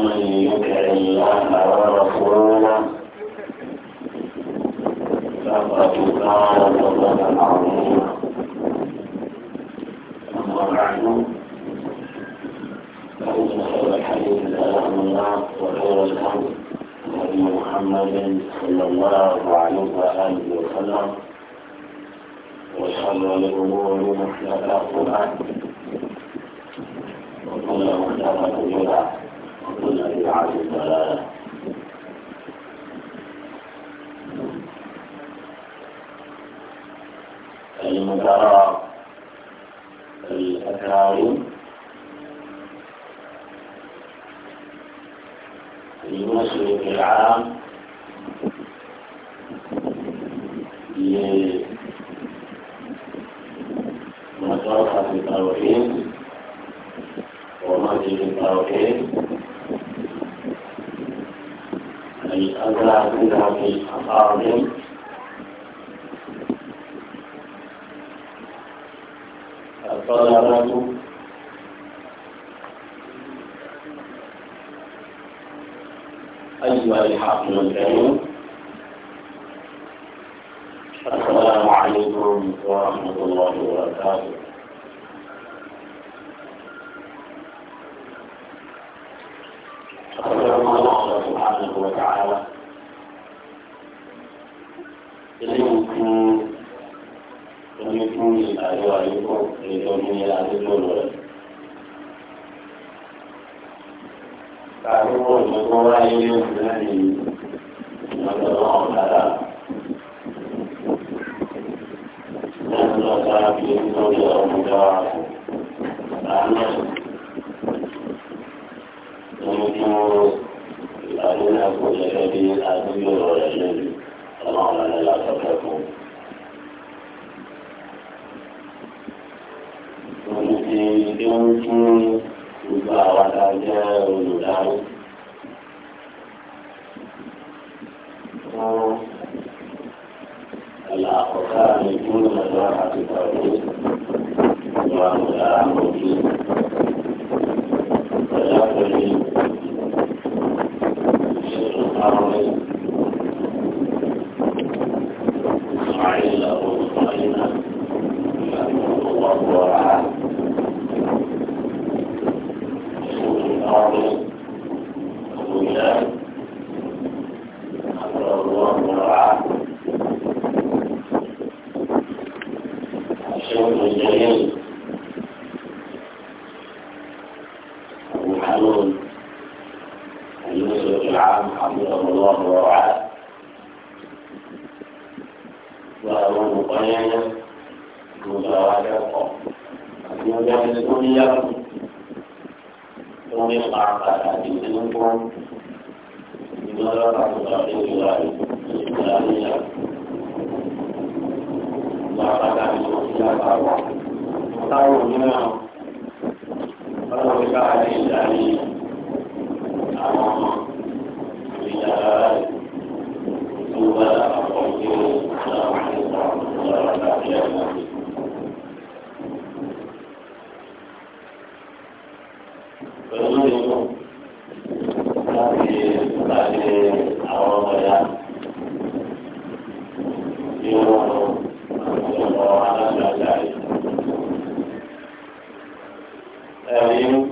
ومن يطع الله ورسوله فقد قال فضلا عظيما اما بعد فان خير الحديث كلام الله وخير الهدي هدي محمد صلى الله عليه واله وسلم وشر الامور محدثاتها وكل محدثه بدعه بدعة ضلالة المتراء وبركاته ẹ̀rín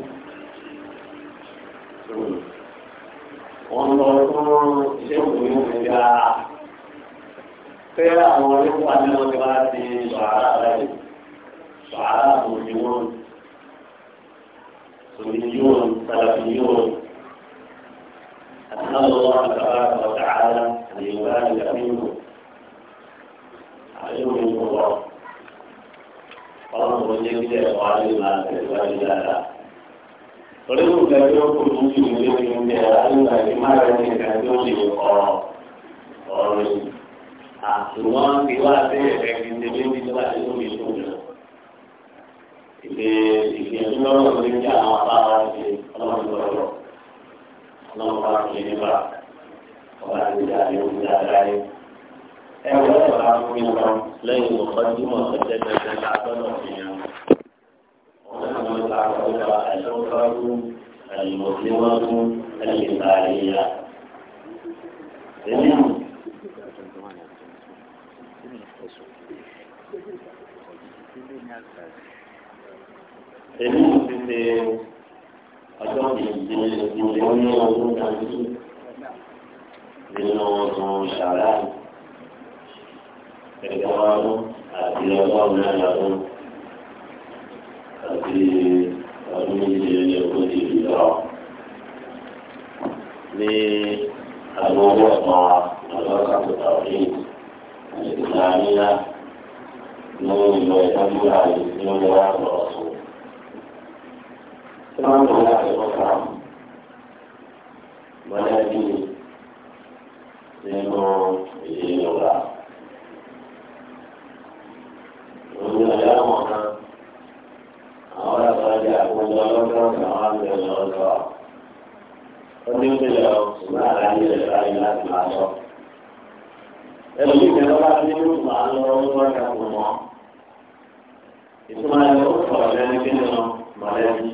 láwọn kan àwọn àgbàjá àkójọ ọlọ́dọ̀ àwọn àgbẹ̀ lọ́dọ̀ ó ní bẹ̀rẹ̀ ṣùgbọ́n àlàyé rẹ̀ láyé láti máa lọ. ẹnu ìgbẹ́ lọ́ba tí ó máa lọ lọ́wọ́ ìyàwó mọ́ ìtumọ̀ ẹ̀rọ sọ̀rọ̀ lẹ́nu kí ni mọ̀lẹ́bí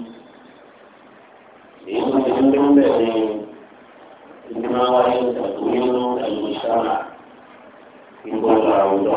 èyí tó ti ń bẹ́ẹ̀ ní ìgbìmọ̀ wáyé ìtàkùn nínú ẹ̀lú ìṣọ́nà ìgbọ̀ngàn àwùjọ.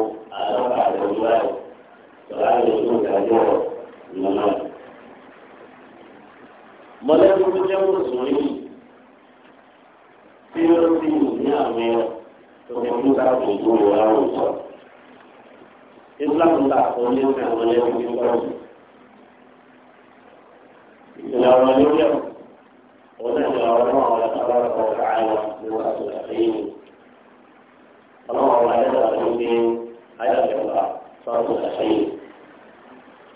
láàyè tó dájọ́ ìmọ̀nà. mọ̀lẹ́bí tó jẹ́ mùsùlùmí tí ó sì ní àmì òkú káàkiri tó wà láwùjọ. Islam ta kò ní ní àwọn ẹni tó kọ́ ọ̀sùn. ìlànà lórí ọ̀ òun náà ní àwọn ọmọ àwọn ọ̀sán ọ̀sán ọ̀sán àìwá ní wọ́n á tó àtẹ̀yìn. ọlọ́wọ́ wa ẹ̀dá ló ń gbé ayé àgbẹ̀wò sọ́ọ̀tún àtẹ̀yìn.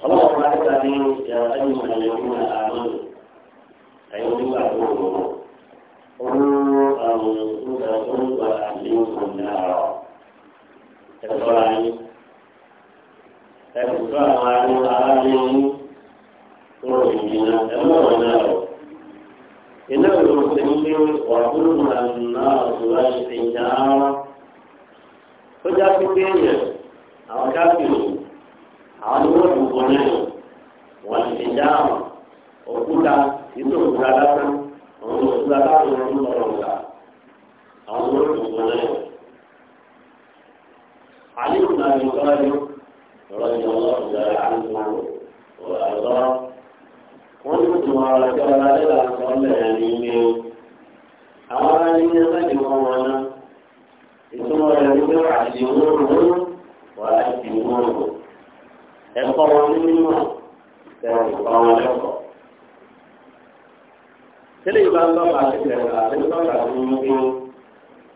الله تعالى يا أيها الذين آمنوا أيها الذين قلوا أنفسكم وأهليكم نارا تكفراني تكفر عن أهلهم قلوبنا تمر نارا إنه المسلمين وقلوا النار سواد النار فجاء في الدنيا أو كافرون àwọn ni wọ́n dùn fún nínú wọ́n ti fi dáhùn òkúta títí òkúta lásán àwọn ni òkúta lásán ló ń lọ́rọ̀ àwọn wọ́n ẹ̀kọ́ wọn ní ẹ̀kọ́ wọn lẹ́kọ̀ọ́. Tẹ́lẹ̀ ìbá ń lọ́ba àtẹ̀tẹ̀ àti lọ́ba tó ń gbé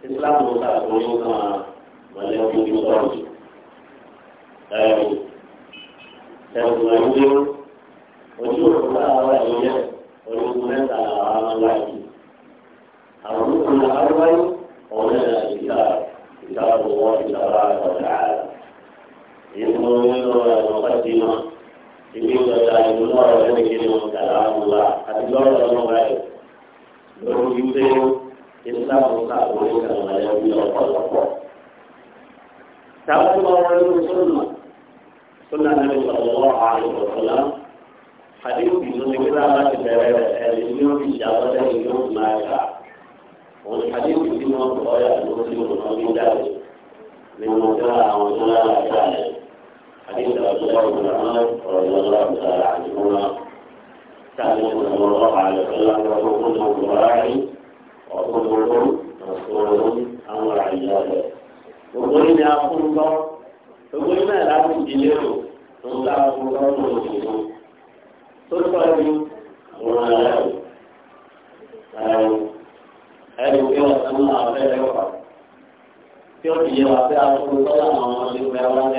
Ìsìlámù ọ̀tà tó ń kàn mọ̀lẹ́kùn ní sọ́ọ̀tù. Ẹ̀rù ẹ̀rù ojú òkú àwọn ẹ̀yẹ ológun mẹ́ta àwọn aláìsí. Àwọn ológun aláwáyé ọ̀rẹ́ ìgbà ìgbà òwò ìgbà ọ̀rẹ́ ààrẹ. يقولون المقدمة يقول تعالى الله ولكن كلام الله حتى الله الله لو يقول إسلام الله ولك الله يقول الله تعالى الله ولكن سنة سنة النبي صلى الله عليه وسلم حديث بن كلامة كبيرة اليوم إن شاء الله اليوم ما جاء والحديث بن رواية مسلم وأبي داود من مجرى وجرى حديث عبد الله بن عمر رضي الله تعالى عنهما كان صلى الله عليه وسلم وهو كلهم راعي وكلهم مسؤول عن رعيته وقلنا يا الله وقلنا لا تجلسوا ثم الله تجلسوا تلقوا ولا ẹni pé ọ̀sán náà fẹ́ lẹ́wọ̀ tí ó ti yẹ wá pé aṣọ tó lọ́wọ́ àwọn ọmọdé mẹ́wàá ní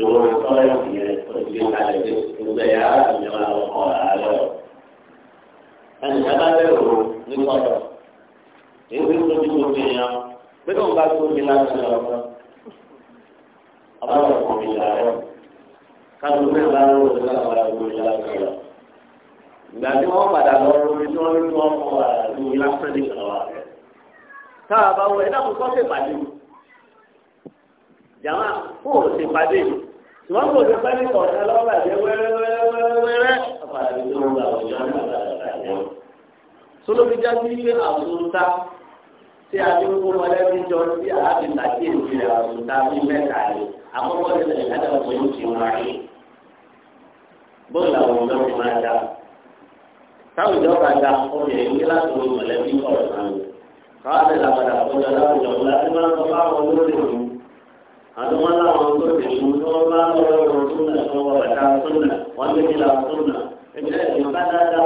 ìwọ sọ́yà yẹn oṣù kalẹ̀ ní ìgbẹ́ yàrá ìjọba ọkọ̀ àárẹ̀ ọ̀. ẹnì yàrá lẹ́rù ní kọ́tọ̀ èyí tó ti kó fi yàn pé kò ń bá tó mi láti lọ sọ. ọba kò mi làárọ̀ kájú mi bá ń wò lọ́wọ́ ọba kò mi láti lọ. ìgbà tí wọ́n padà lọ rí tí wọ́n rí wọ́n kọ́ àdúgbò yìí lásán ní ìjọba bá wọ ṣùgbọ́n kò sí pẹ́ ní kọ̀ọ̀tà lọ́wọ́ àjẹ́ wẹ́rẹ́wẹ́rẹ́wẹ́rẹ́ àfàlẹ́ tó ń gbà ọ̀jọ́ náà lọ́wọ́ sólóbi já sí pé àtúntà tí a ti ń kó mọ̀lẹ́bí jọ sí àábì tàbí ìpìlẹ̀ àtúntà bí mẹ́ta yìí àkọ́kọ́ ní sẹ̀lẹ̀ ká dàgbà pẹ̀lú ti wọn ayé bóun làwọn ọ̀dọ́ máa dá táwọn ìjọba dá obìnrin ní láti wo mọ̀lẹ́bí kọ̀ọ̀tà wọn káwọn àti làwọn àdàkọ́jọ láwùjọ àtúwọ́n láwọn tó ti mú tó bá lọ́wọ́ ọ̀rọ̀ súnà lọ́wọ́ ẹ̀ka súnà wọ́n ti kíla súnà ẹgbẹ́ ẹ̀sìn bá dáadáa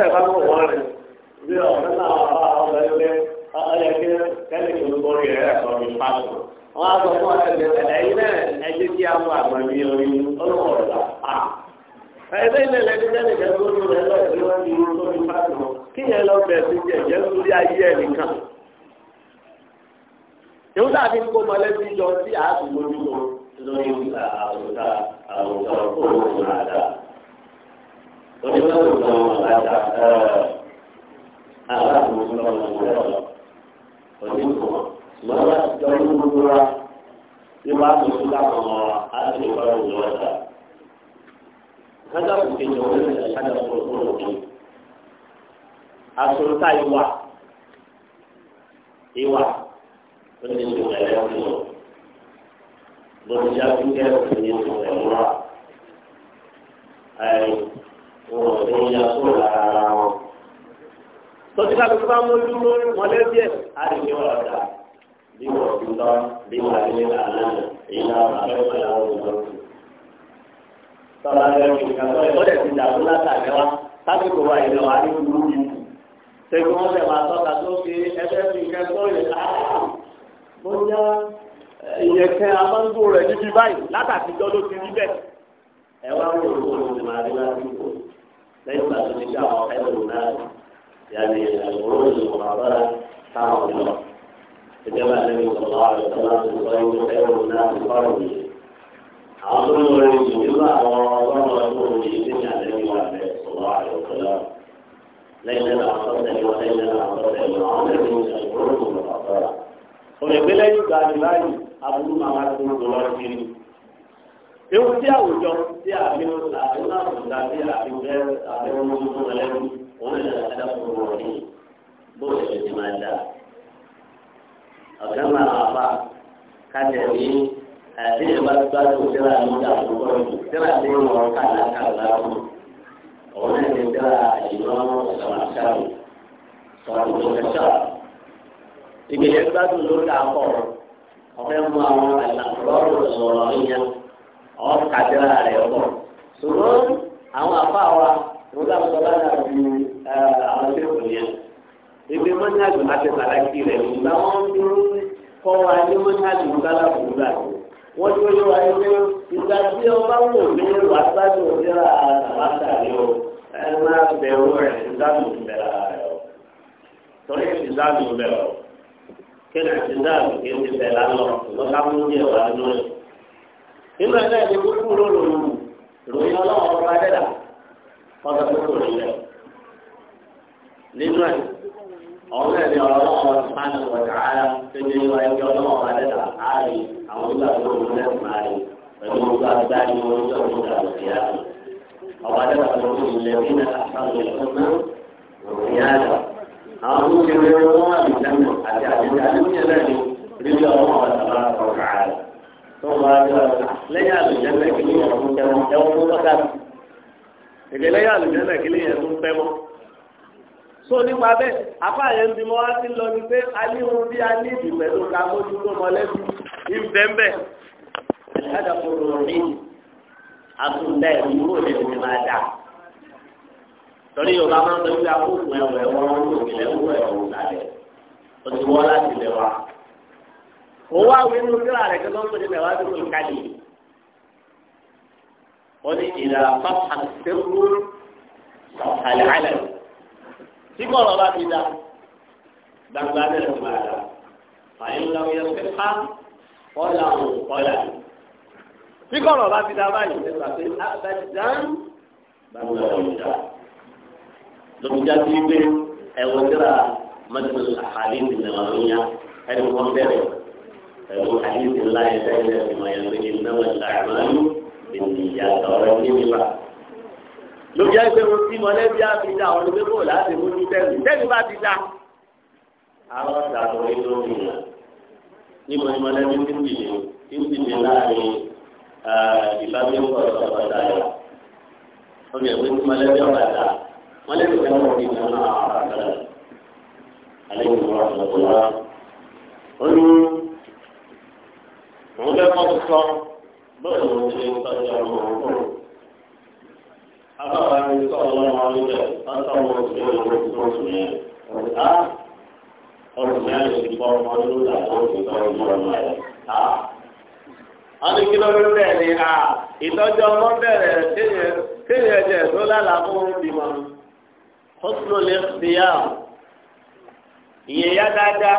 ẹ bá mọ̀ wọ́n rẹ̀ bí ọ̀rẹ́ náà wà á ọ̀rẹ́ ẹgbẹ́ ọ̀rẹ́ ẹgbẹ́ tẹ́lẹ̀ tó ń borí rẹ̀ ẹ̀kọ́ mi pàṣẹ. wọ́n á sọ fún ẹgbẹ́ ẹ̀yìn náà ẹjẹ́ kí á mọ àgbà mi orí ọlọ́wọ́ rẹ̀ pa. ẹgbẹ́ ilẹ̀ lẹ́ni tẹ́lẹ̀ tẹ́lẹ̀ tó ń borí rẹ̀ lọ́ọ̀ kí yẹn lọ bẹ̀rẹ̀ sí jẹ̀jẹ̀ lórí ayé ẹ̀ nìkan yóò dàbí kó mọ̀lẹ́bí jọ sí àádùn lójú lórí àwùjọ àwùjọ òòrùn àdáa onímọ̀tò ọ̀nà ìjọba gbogbo ìjọba Bọ̀dé jáde kẹ́rù ní ìlú ẹ̀rọ òní nye kúrò lára wọn. tọ́jú ká lóko bá ẹ̀ lè ní ọ̀rọ̀ bí wọ́n ti bí wọ́n ti tọ́lá ìlọ wa ní wọn fẹ́ máa tó fi ẹgbẹ́ fi kẹ́kọ̀ọ́ ìlà bóyá ìyẹ̀kẹ́ abáńgbò rẹ̀ níbi báyìí látàtijọ́ ló ليس الرجال خير الناس يعني الغروج المناظرة كانوا في الأرض كما النبي صلى الله عليه وسلم يقول خير الناس قرني عظم الرجال وعظم رسول الدنيا النبي صلى الله عليه وسلم ليلة أعطتني وليلة أعطتني وعظم الغروج المناظرة ولكن لا يبقى لبالي أبو ما أكون دولار ewu tí àwùjọ tí àfihàn àfihàn àwùjọ àti àfihàn àfihàn tuntun ẹlẹ́nu òun lè dáadáa fún wọn ní bóyá ẹni máa dà. ọ̀gá máa wà fà kájẹ ní àti ìbá gbádùn síra ní àkókò síra ní wọn kàlá kàlá fún òun lè ní síra ìlú ìsàmàṣàrò sọ̀rọ̀ tó fẹ́ sọ̀rọ̀. ìgbìyànjú gbádùn lórí àkọ́ ọ̀fẹ́ mú àwọn àlàkùrọ̀ sọ̀rọ̀ yẹn. Ọ kàdéra rẹ̀ ọ̀bọ̀. ṣùgbọ́n àwọn àfa wọn bá sọ lára ju àwọn tó kù yẹn. ibi mọ́ni àgbẹ̀ máa ti pàtàkì rẹ̀ nígbà wọ́n ń kọ́ wa ní mọ́ni àgbẹ̀ nígbà láwùjọ wọ́n tó wáyé pé ìgbà tí ọba wò ní àbáta o ẹ máa bẹ̀rù rẹ̀ ìdáàbò rẹ̀ o. ìdáàbò o kí ni ìdáàbò kí ni lọ nínú ẹ̀ náà ni gbogbo olóró ìròyìn ọlọ́wọ́ ọba adẹ́dà ọ̀dọ̀ tó kò nílẹ̀ nínú ẹ̀ ọ̀hún ẹ̀ ni ọ̀rọ̀ ọlọ́wọ́ sùpánì wọ̀dà ara tó ní ìwà ẹgbẹ́ ọlọ́wọ́ ọba adẹ́dà àárín àwọn ìgbà tó kò nílẹ̀ sùpánì pẹ̀lú gbogbo agbáni orí tó kò nílẹ̀ òkèèyà ọba adẹ́dà tó kò nílẹ̀ bí náà àtàwọn ìfúnná òkèèyà àwọn tó kéré wọn àbíjá àti àbíjá tó ń bá a jọ lẹ́yìn àlùjẹ́lẹ̀ kí lè yẹn fún tẹ́wọ́ ẹ̀wọ́n fún bàtà mi èdè lẹ́yìn àlùjẹ́lẹ̀ kí lè yẹn fún tẹ́wọ́. so nípa bẹ́ẹ̀ afá yẹn ń bímọ wá sí lọ ni pé aléwu bí a ní ìdì pẹ̀lú ká mójú tó mọ̀lẹ́bí ìbẹ́ńbẹ́ àdàkùnrin mi àtúndẹ̀ ìwúrò lè fi máa òun wá wí nínú síra rẹ̀ kí wọ́n pè ní mẹ́wàá tó kún kálí. wọ́n ní ìlà fáfà sẹ́kù àlàálẹ̀ tí kò lọ́ba ti dá gbangba bẹ́ẹ̀ ló máa dá fàyín lọ́wọ́ yẹn fẹ́ fá kọ́là ò kọ́là. tí kò lọ́ba ti dá báyìí nípa pé abẹ́dán gbangba ò dá. lọ́mọdé ti gbé ẹ̀wọ̀n síra mẹ́tìrì àhálí ìdìnnà ọ̀rọ̀ yẹn ẹni wọ́n bẹ̀rẹ̀ pẹ̀lú àdéhùn ńlá ẹ̀fẹ́ ilẹ̀ ìmọ̀ ẹ̀ pé ìnáwó ìlà àmàlú ènìyàn ọ̀rọ̀ nígbà. lójú ẹgbẹ́ wọn tí mọ̀lẹ́bí àfihàn àwọn olùgbé bò láti mú ní tẹ́lẹ̀ tẹ́lẹ̀ bá ti dá. àwọn ìdàgbọ́ inú mi nà níbo ni mọ̀lẹ́bí ti ti lè ti ti lè láàrin ìbámẹ́kọ̀ ọ̀sọ̀ọ̀dà yà. ọmọ ẹ̀gbẹ́ tí mọ̀lẹ́bí ọ̀bàdà òun lẹ́kọ̀ọ́ ti sọ bẹ́ẹ̀ ló ti ń tọ́jú àwọn òun. Abáwa ni sọ ọlọ́run ọlọ́dẹ látọ̀wọ́ sí ọlọ́run tó ń sùn yẹn. Ọ̀tá ọ̀rùn náà lè bọ́ ọmọ ọdún làwọn òun ti tọ́jú ọmọ rẹ̀. Wọ́n ní kí ló ń bẹ̀ ni à ìtọ́jú ọmọ bẹ̀rẹ̀ kéèyàn ẹ̀jẹ̀ tó lálàá fún bímọ. Ó tún lè fi yá ìyẹn yá dáadáa.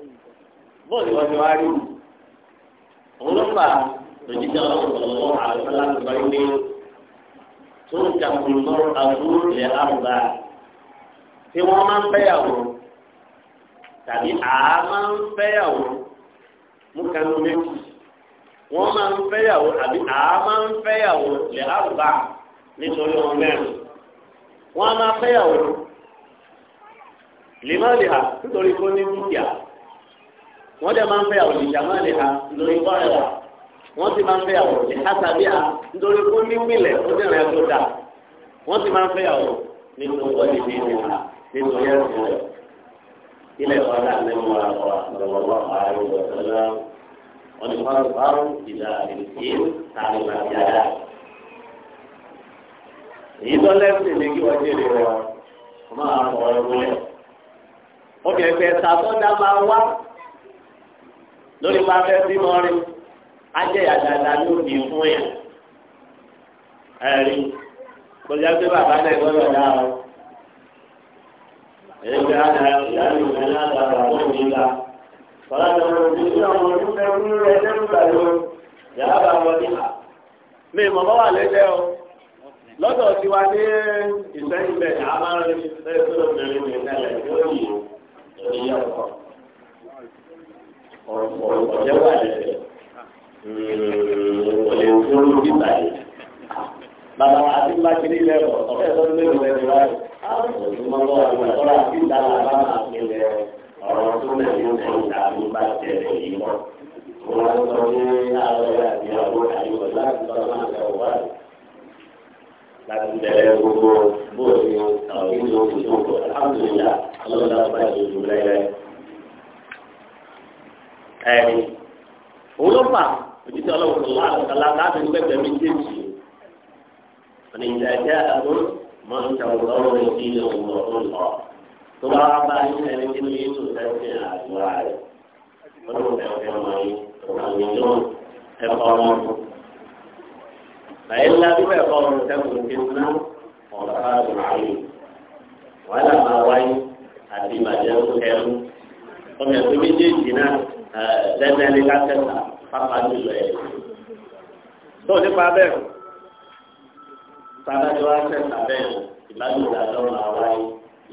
bọ́ọ̀ ni wọ́n ti wá rí wù. òun ló fà lójijì àwọn ọ̀pọ̀lọpọ̀ àwọn alágbèbá ilé tó ń jàpùn lọ́rọ̀ àbúrò ilẹ̀ àrùbá tí wọ́n máa ń fẹ́yàwó tàbí àá máa ń fẹ́yàwó mú kanú méjì wọ́n máa ń fẹ́yàwó àbí àá máa ń fẹ́yàwó ilẹ̀ àrùbá nítorí wọn mẹ́rin wọ́n á máa fẹ́yàwó lè má lè hà nítorí kó ní dúkìá. wọ́n dẹ̀ máa ń fẹ́ lè jàmọ́ lè ha lórí kọ́rẹ́ wa wọ́n ti máa ń fẹ́ lè ha tàbí a nítorí kó ní ó dẹ̀ rẹ̀ tó dà wọ́n ti máa ń nínú yẹn ilẹ̀ ààrẹ wọ́n èyí tó lẹ́sìn ní kí wọ́n wọn lórí pàfẹ́ bímọ rí ajẹ́ àdàdà ló bí fún yà pé bàbá náà o tó la kọlá tó ń bí ní ọmọ ọdún fẹ́ wúlò rẹ̀ lẹ́nu gbàgbọ́ yàrá bá wọn ní ha. mi mọ̀ bá wà lẹ́jẹ̀ o lọ́dọ̀ ní tó o èyí yẹ ọ̀rọ̀ ọ̀jẹ́ wà lẹ́sẹ̀ ọ̀lẹ́ òfurufú bíbá yìí. bàbá àti mákìrí lẹ́wọ̀ ọ̀fẹ́ sọ́dún lẹ́nu lẹ́nu láyé ọ̀dùnmọ́gbọ́ àwọn ọ̀rọ̀ àti ìdára bá máa fi lẹ̀ ọ̀rọ̀ tó lẹ́nu lẹ́nu láàbí bá tẹ̀lé yìí mọ́. wọ́n á ní àárọ̀ àti àwọn àyùkọ̀ láti sọ máa lọ wá láti bẹ̀rẹ̀ gbogbo bóòlù àwọn ìlú òkú tó ẹ̀rí olófà òjijì ọlọ́run lọ́wọ́ àgbàlá láti ń gbẹ̀gbẹ̀ mi déjì ọ̀nà ìjà ẹ̀jẹ̀ àbúrò mọ̀ ń tẹ̀ ọ̀rọ̀ rẹ̀ sí ilé ọ̀rọ̀ ọ̀rọ̀ tó bá wá bá yín ẹni nínú yín tó tẹ̀sí àdúrà rẹ̀ ọlọ́run tẹ̀ ọ̀rẹ́ ọmọ yín ọ̀rọ̀ mi ló ẹ̀kọ́ ọmọ ọ̀rọ̀ bàyẹ̀ ńlá bí bẹ́ẹ̀ kọ́ ọ̀rọ̀ tẹ̀kùn ti ná ọ̀rọ̀ àdùn àyè wàhálà máa wáyé àti ìbàjẹ́ ń kẹrù ọmọ ẹ̀kọ́ méjèèjì náà lẹ́nu ẹni ká tẹ̀sà pápá nílò ẹ̀. tó nípa bẹ́ẹ̀ sábàjọ́ wa tẹ̀sà bẹ́ẹ̀ ìbádùn àdọ́rùn àwáyé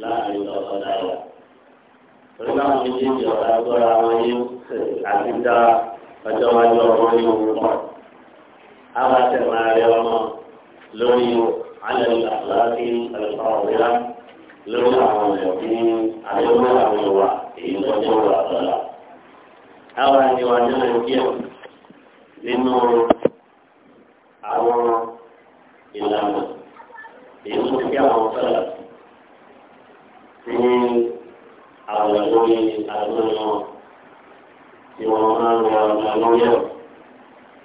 láàrin ọ̀sán náírà. torí náà wọ́n ti di ọ̀rọ̀ agbára wọn yín àti dá ọjọ́ wájú ọmọ yín òun pọ̀. àwọn àtẹ̀mọ̀ ààrẹ ọmọ lórí alẹ́ ìlàkúláàkì ẹ̀fọ́ ọ̀rẹ́lá lórí àwọn ẹ̀kú àyẹ̀wò àwọn ìwà èyí lọ́jọ́ wà lọ́la àwọn àyẹ̀wò àjọyọ̀ díẹ̀ nínú àwọn ìlànà èyí tó fi àwọn sọ̀rọ̀ sí àwọn lórí àjọyọ̀ tí wọ́n máa ń lọ ọ̀nà lóyọ̀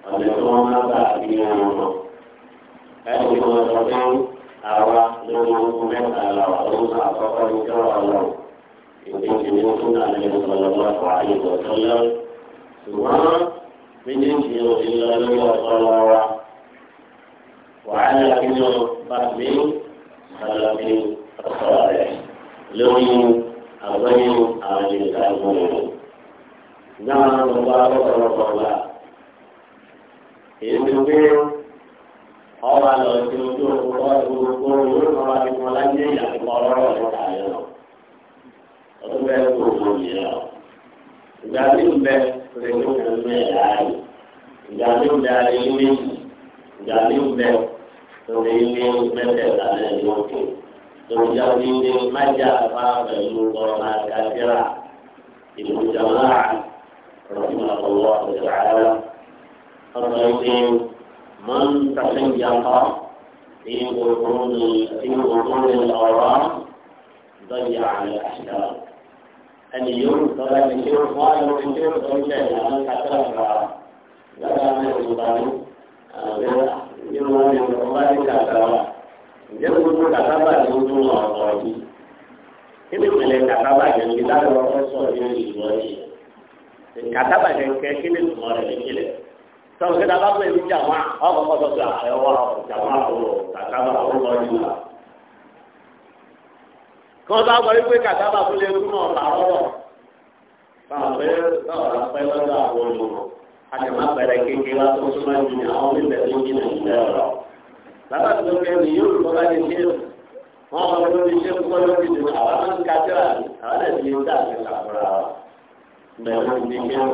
ọ̀nà tí wọ́n máa bá àbíyàn wọn. ẹ̀sìn tí wọ́n sọ pé àwa lórí ohun mẹ́ta làwà lóhùn àkọ́kọ́ ní kí wọ́n lọ. ìpínlẹ̀ ní fún àlejò sọ̀rọ̀ lọ́kọ̀ àyè ṣùgbọ́n méjèèjì yóò ti lọ lórí ọpọlọ wa wàhálà kí ló bá mi sọlọ bí ọpọlọ rẹ lórí àgbẹ̀yìn àwọn ìgbà gbòòrò náà ló bá lọ́pọ̀lọpọ̀ gbà èyí ti gbé ọba lọ sí ojú òkúta gbogbo yóò kọ́ wa nípa lájẹ́ ìyàtọ̀ ọlọ́rọ̀ nípa yẹn lọ ọdún bẹ́ẹ̀ kó o lò yẹn lọ ìgbà tí ń bẹ́ẹ̀. pẹ̀lú ọ̀nà ìdáyé ìdáyé ìdáyé ilé ìdáyé ìbẹ̀ lórí ilé mẹ́tẹ̀ lálẹ́ ní òkè lórí jáde ilé májà bá pẹ̀lú ọ̀nà àgàdìrà ìlú jàmbá رحمه الله تعالى فضيل من تشيق في غضون في غضون الآرام ضيع الأحلام ẹni yóò tọ́lá ẹni tí ó fọ́ ẹni tí ó tọ́ ilẹ̀ àwọn kátàlá fà á lọ́dọ̀ àwọn ìṣòro ní àwọn ìṣòro ní ọ̀rọ̀ bá ní kàtàlá wà. ǹjẹ́ gbogbo kàtàbà ni ó tún ọ̀rọ̀ yìí kí ni ìpìlẹ̀ kàtàbà yẹn ti láti wọ́n fẹ́ sọ ní ìṣòro yìí kàtàbà yẹn kẹ́ kí ni ìtumọ̀ rẹ̀ wọ́n bá gbọ́ wípé kàtàbà tó lè kú náà bá rọrọ̀ báwọn pẹ́ báwọn bá pẹ́ lọ́dọ̀ àwọn ọmọ àtẹ̀má pẹ̀lẹ́ kékeré wá tó súnmọ́ ju ní àwọn onílẹ̀ tó jí nà ìlẹ̀ ọ̀rọ̀ bàbá tó lọ kẹ́rin yóò lọ bá lè ṣe wọ́n bá lọ lè ṣe kọ́ lórí ìdùnnú àwọn máa ń ka jọ́ra àwọn ẹ̀ ti dá àti kàkúrà bẹ̀rẹ̀ ní kẹ́rin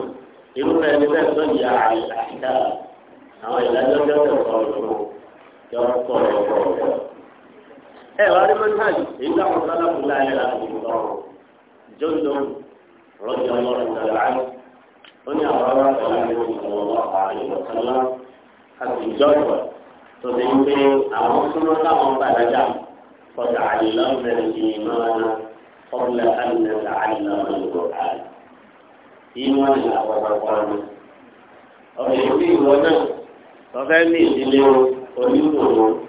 irú rẹ̀ ní bẹ́ẹ̀ tó yà àìsà àwọn ìdájọ́ ẹ wá rí mọ́tàjì èyí táwọn sálàmù láyé láti ìtọ́rọ̀ jọ́jọ́ rọ́jò ọlọ́run tàbí àná ó ní àwọn ọlọ́run tàbí àná ìṣòro ààyè ọ̀sánlá àti ìjọba tó ti ń pé àwọn súnmọ́ táwọn gbàdájà kọjá àlìlọ́ọ̀mẹ́ ìmọ̀ràn ọ̀gbìn àlìlọ́ọ̀mẹ́ àlìlọ́ọ̀mẹ́ ìgbọ̀ká ìmọ̀ ìlàwọ̀ ọ̀pọ̀ ọ̀gbìn ìwọ náà lọ́fẹ́ ní ìdílé onímọ̀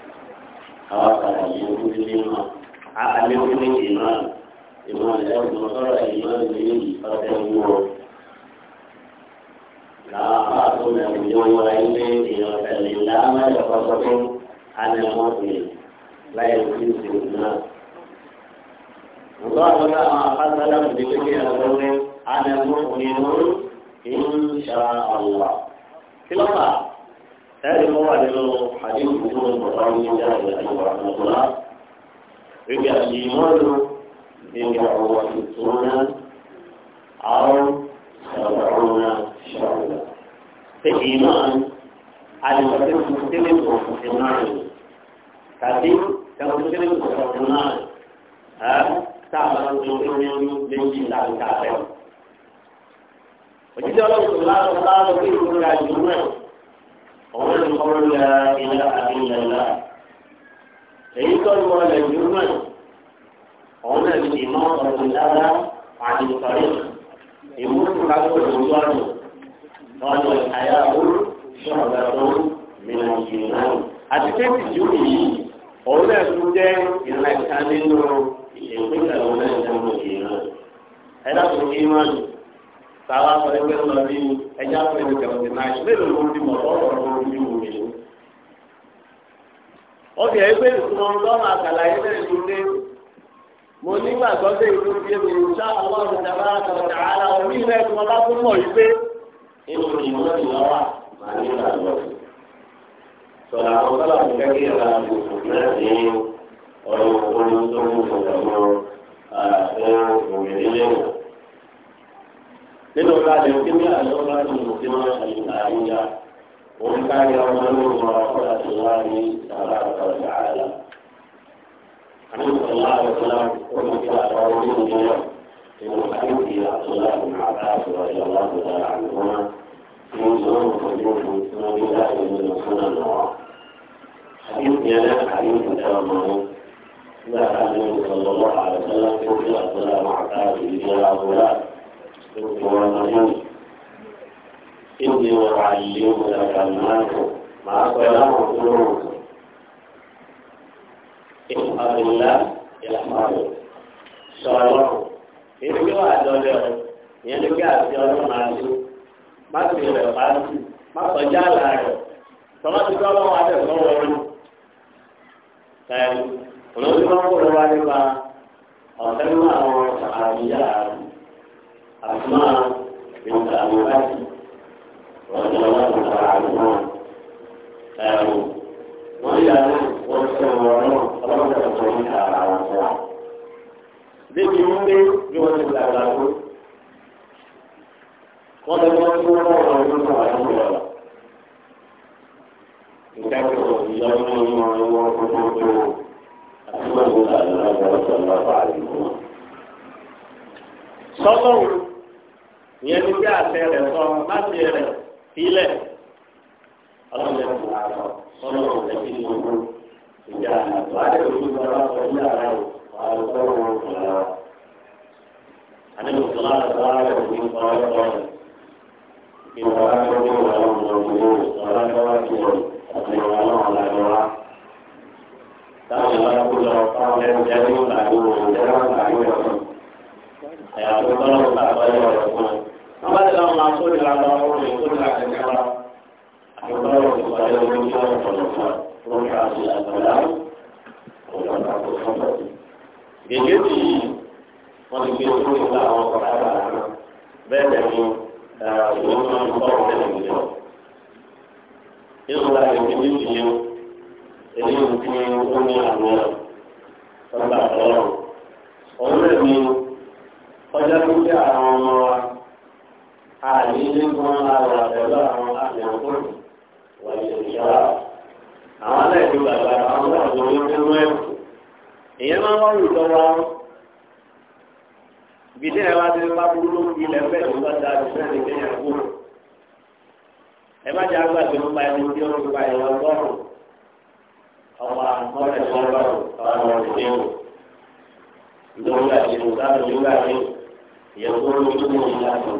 àwọn àtàrà yìí ló ní ìmọ̀ àkàlẹ́kùn ní ìmọ̀ ìmọ̀ ẹ̀rọ sọ̀rọ̀ ìmọ̀ ìlú ìfọ̀tẹ́ wúwo. làwọn àtúntò ìjọ wọn ilé ìrọ̀tẹ̀lẹ̀ láàmà ìfọ̀tọ́ fún anamọ́tì láyé tí kí ló fà هذا هو حديث ابن البخاري عليه رحمه الله رجع الإيمان بدع وستون أو سبعون شعبا الإيمان على المسلم مسلم ومسلمان كثير كمسلم ومسلمان ها تعبان مسلم من جنة تعبان وجد الله سبحانه وتعالى في القرآن ọ̀wọ́n ló kọ́ ya ilé àbíyànlá èyí tó ń wọlé jùlọ ọ̀wọ́n náà ti mọ ọ̀sùn lára àdìsọ̀rí ìmúlò kákó lójú ọ̀nà ọ̀nà àyà òru ṣọ̀gbà tó mìíràn jùlọ. àti tẹ́tì jùlọ yìí ọ̀wọ́n náà tún jẹ́ ìrìnàjò nínú ìṣèpínlẹ̀ ọ̀wọ́n náà jẹ́ mọ̀ jùlọ. ẹ dákun kí n tàwa sọ ẹgbẹ́ lọ bí ẹjá pé ní kẹwàá ti náà ṣe lè mọ bí mọ̀ lọ́wọ́ lọ́wọ́ bí wò mí. ọbẹ̀ ẹgbẹ́ ìtumọ̀ mo ìlú bíi mi ṣá àwọn ilẹ̀ tí bá tún mọ̀ yìí pé inú máa ní ìlànà sọ̀rọ̀ àwọn nínú ká lè fi ní àlọ́lá ní ìmọ̀ àyíká wọn ká ní ọmọ ní ìmọ̀ ọ̀rọ̀ tó wá ní sàrà ọ̀rọ̀ àlá. àmì ìsọ̀lá ọ̀sọ̀lá ọmọ ìgbà ọ̀rọ̀ ní ìmọ̀ ìmọ̀ àyíkì àtọ̀lá ìmọ̀ àtàkùrọ̀ ìyọ̀lá ìgbàlá àgbọ̀nà tí ó yọ ọ̀rọ̀ pẹ̀lú òfin tí wọ́n ní láti ní ìfúnná lọ́wọ́. àyíkì ẹ̀rẹ́ àyíkì dáhùn mọ́ ورحمه إني أعلمك الماء ما سلام قلوبك إحفظ الله يحفظك sọ̀rọ̀ èdè wà lọ́lẹ́ ọ̀ ìyẹn ló gbé àti ọdún máa lò má sì rẹ̀ má sì má kọjá àlà rẹ̀ tọ́lá ti ọ̀sẹ̀ nínú àwọn àmì yára rẹ̀. أسماء بنت أبي بكر رضي الله تعالى عنهما قالوا وإلى أن وصلوا ورموا رمضة صحيحة على وصلها ذكي ممكن جوة الأولاد قال الرسول الله صلى الله عليه وسلم كثروا يومهم ووقوفهم أحمد الله صلى الله عليه وسلم صلوا ìyẹn ní bí àṣẹ rẹ̀ sọ láti rẹ̀ sílẹ̀ ọlọ́run lè fún àlọ́ ọlọ́run lè fi ní owó ìjà àgbáyé òṣèlú ọlọ́run ní àlọ́ àlọ́ ọlọ́run àdéhùn sọlá àgbà rẹ̀ ní ọlọ́run ọlọ́run ìwà àgbẹ̀wò ọlọ́run ọlọ́run ọlọ́run ọlọ́run àgbẹ̀wò ọlọ́run ọlọ́run táwọn ìlànà kó lọ fáwọn ẹni jẹ́ ní ìlànà ìlànà ìlànà ìlànà ìlànà ìlànà ìlànà wọ́n bá tẹ̀lé àwọn akó nira lọ wọ́n lè kó nira kẹ̀kẹ́ lọ. àgbẹ̀wò ìpàdé ọdún yóò fọ̀lọ̀ fún wọn kí a sì àgbàlá ọ̀dọ́ àgbò fọ́tọ̀. gègé tí wọ́n ti gbé fún ìgbà àwọn ọkọ̀ lábà náà bẹ́ẹ̀ dẹ̀ ni ìwọ́n máa ń kọ́ ọ̀rẹ́ ìgbìyànjú. yóò gba ìgbìyànjú yìí èyí ń fi ó ní àwọn ọgbà ọlọ́run. ọ̀rẹ́ mi ọjọ́ tó jẹ́ àwọn ọmọ wa. ààyè nígbọn ara pẹ̀lú àwọn àgbẹ̀kùn àwọn alẹ́kùn gbàgbà àwọn náà máa wọ́n bìtẹ́ ẹ̀ ti bá bá ẹ jẹ́ ẹni tí ó ń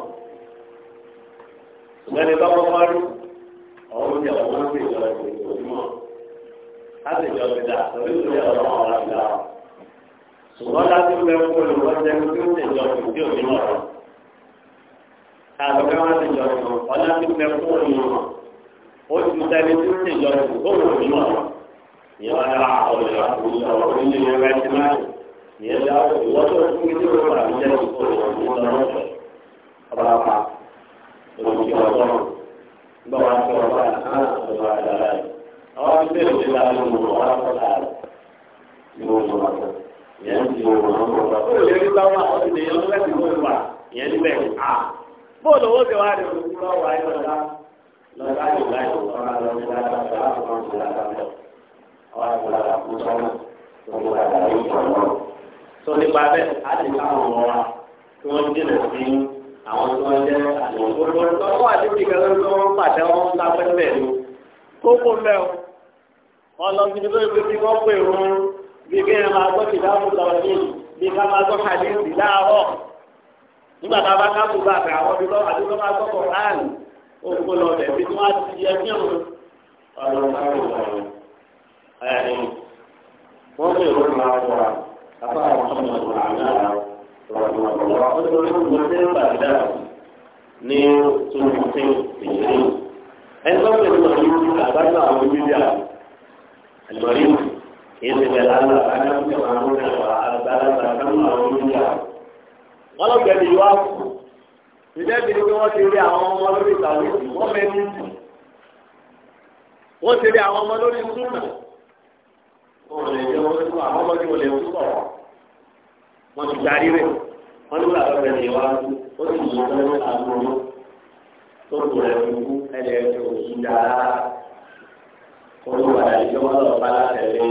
lẹ́ni bá wọ́n máa rú àwọn oúnjẹ ń pè lọ ìgbòmọ̀ láti jọ ti dà lórí ìgbòmọ̀ àwọn ọmọ ọ̀la ìlà ṣùgbọ́n láti fẹ́ kó lè jẹ́ kí ó lè jọ kò tí ò ní mọ̀ rẹ̀ àgbẹ̀ wọn ti jọ kò ti fẹ́ kó lè ó ti sẹ́ni tí ó lè jọ kò tó wò ìyẹn wọn yára ọ̀rẹ́ àwọn onílé ti máa ìyẹn yára ìwọ́n tó ìwọ́n tó wò ní mọ̀ òkè ọ̀gbọ́n gbọ́wọ́ àti ọ̀gbọ́n àwọn ilé ìwé lára ló wọ̀ wá ní àwọn tó ń jẹ́ àwọn olùkọ́ wọn wà níbi kan lórí wọn pàdé wọn ń lápẹ́ bẹ́ẹ̀ ló kókó mẹ́ o wọn lọ sí ibi tó ti wọ́n pè wọn bí kí ẹ máa gbọ́ ìdá fún lọ sí bí ká máa gbọ́ kàdéhùn láàárọ̀ nígbà tá a bá ká kúrò àbẹ̀ àwọn ibi lọ́wọ́ àti lọ́wọ́ àgbọ̀kọ̀ láàrín òkú lọ bẹ̀ bí wọ́n á ti yẹ kí òun ọ̀rọ̀ ẹ̀ wọ́n pè wọn máa wọ̀ ọdún tó ń bàdà ní tuntun tí ìṣe ẹgbẹ́ pẹ̀lú ọdún tí àbájọ àwọn bíbí à àlùmọ́rí kìí ṣe bẹ̀rẹ̀ lánàá àbájọ tí àwọn ọmọdé àwọn àgbàlagbà kan àwọn bíbí à wọ́n lọ bẹ̀rẹ̀ ìwà kù ìdẹ́bi ni wọ́n ti rí àwọn ọmọ lórí ìtàwé wọ́n lè jẹ́ wọ́n tó àwọn ọmọdé wọ́n lè tó sọ̀rọ̀ wọ́n ti darí rẹ̀ wọ́n ní wàá fẹ́ lè wá ó sì mú ọ̀rẹ́ mẹ́ta lọ́wọ́ tó kù rẹ̀ kú ẹ̀lẹ́ òsì dára olùwàdà yìí wọ́n lọ bá látẹ̀lé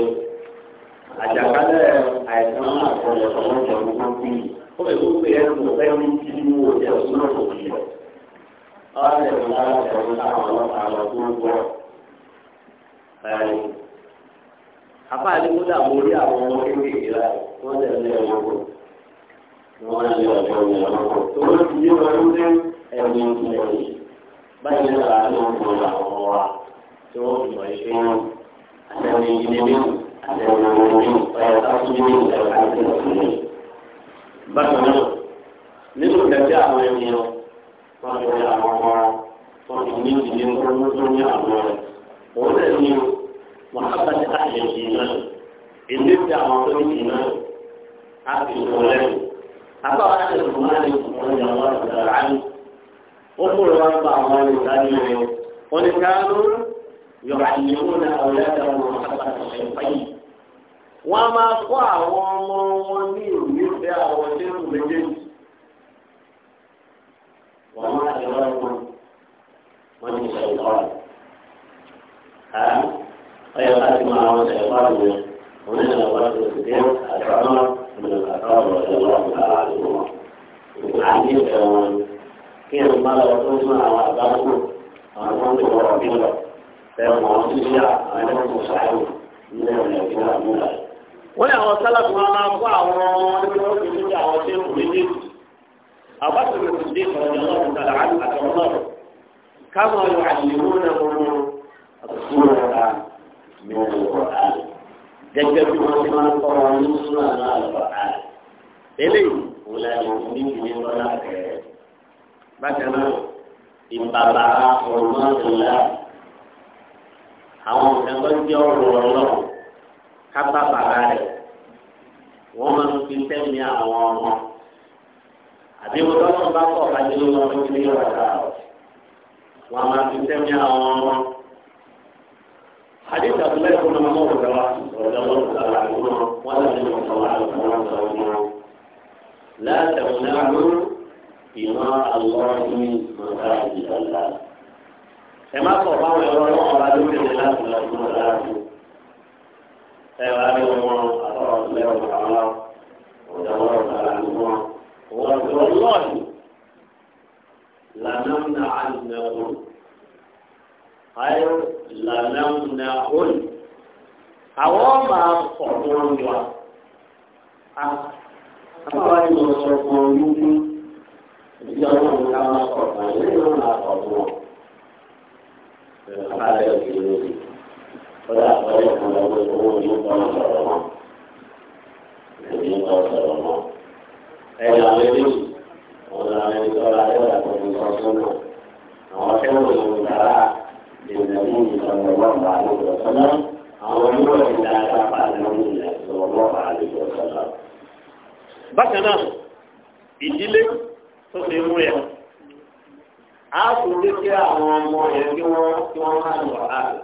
àjàkálẹ̀ àìsàn àkọlẹ̀ ọlọ́jọ́ gbogbo ó lè gbogbo yẹn kò fẹ́ ní kí ní wò jẹ́ òsúná kò kì í ọ̀rẹ́ mi látẹ̀lé lọ gbogbo ẹ̀ apá àdínkúdà mo rí àwọn ọmọ kéékèèké rà wọ́n tẹ̀ lé ọmọ kò wọ́n lé ọ̀dọ́ ọmọ kò tó wọ́n ti yé wọn lé ẹ̀mí ìgbìyànjú báyìí ní ọ̀rọ̀ àánú ọmọ àwọn ọmọ wa tí wọ́n fi mọ̀ ẹ́ àtẹ̀wé ìdílé àtẹ̀wé ìdílé ọ̀yọ̀ káfíńdé ọ̀yọ̀ káfíńdé bákan náà nínú ìgbàgbé àwọn ènìyàn wọn fi àwọn ọmọ wọn fi ní ìdílé ńkọ́ ní àwọn ọmọ rẹ̀ òun lè ní o. محبة أهل الإيمان النبي عن طريق الإيمان عبد الولد أبا أهل المالك رضي الله تعالى عنه أمر ربع مالك أنه قل كانوا يعلمون أولادهم محبة الشيطان وما قوى وموني يبدأ وسير بجد وما أدراكم من الشيطان ها ụoneaea aaaaaaaaaa a keaaaụahaa nínú gẹ́gẹ́ bí wọ́n ti máa ń ní ní lọ́la bẹ̀rẹ̀ bákan náà ìbàbà ọ̀rọ̀ àwọn jẹ́ ọ̀rọ̀ ọlọ́run kápá bàbá rẹ̀ wọ́n máa ń fi àwọn ọmọ àbí lọ́sọ̀ bá ní ọ̀rọ̀ máa حديث عبد الله بن عمر رضي الله تعالى عنه قال النبي صلى الله عليه وسلم لا تمنعوا بما الله مساجد الله كما قال الله على دون الله سبحانه وتعالى أيها الأخوة أطاع الله تعالى رضي الله تعالى عنه والله لنمنعنهم ayé lànàmúnà òní àwọn máa pọ̀ wọn wà á àwọn àyè sọ fún olúkú ìdí ọlọ́run ká máa pọ̀ wọn lẹ́yìn náà máa pọ̀ wọn. Àbálẹ̀ òkè lórí ọ̀dà àbálẹ̀ kan lọ́wọ́ owó yóò bọ́ sọ̀rọ̀ wọn. Èyí ń bọ́ sọ̀rọ̀ wọn. Ẹ̀yà lẹ́yìn ọ̀dà ẹni tọ́ra ẹ̀dà tó ń sọ sọ́nà àwọn akẹ́wọ̀n ìlú dára. للنبي صلى الله عليه وسلم عملوا إلا تفعل النبي صلى الله عليه وسلم بكنا ìdílé tó fi mú yẹ á tún lé kí àwọn ọmọ yẹn kí wọn kí wọn má lọ àlè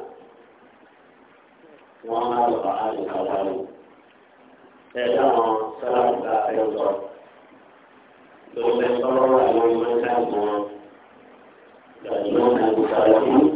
wọn má lọ àlè kàwáyé ẹ dáhùn sáláńgá ẹ lọ lọ lẹ àwọn ọmọ ẹ̀ka ìgbọn ìgbàlódé náà ló sáré fún.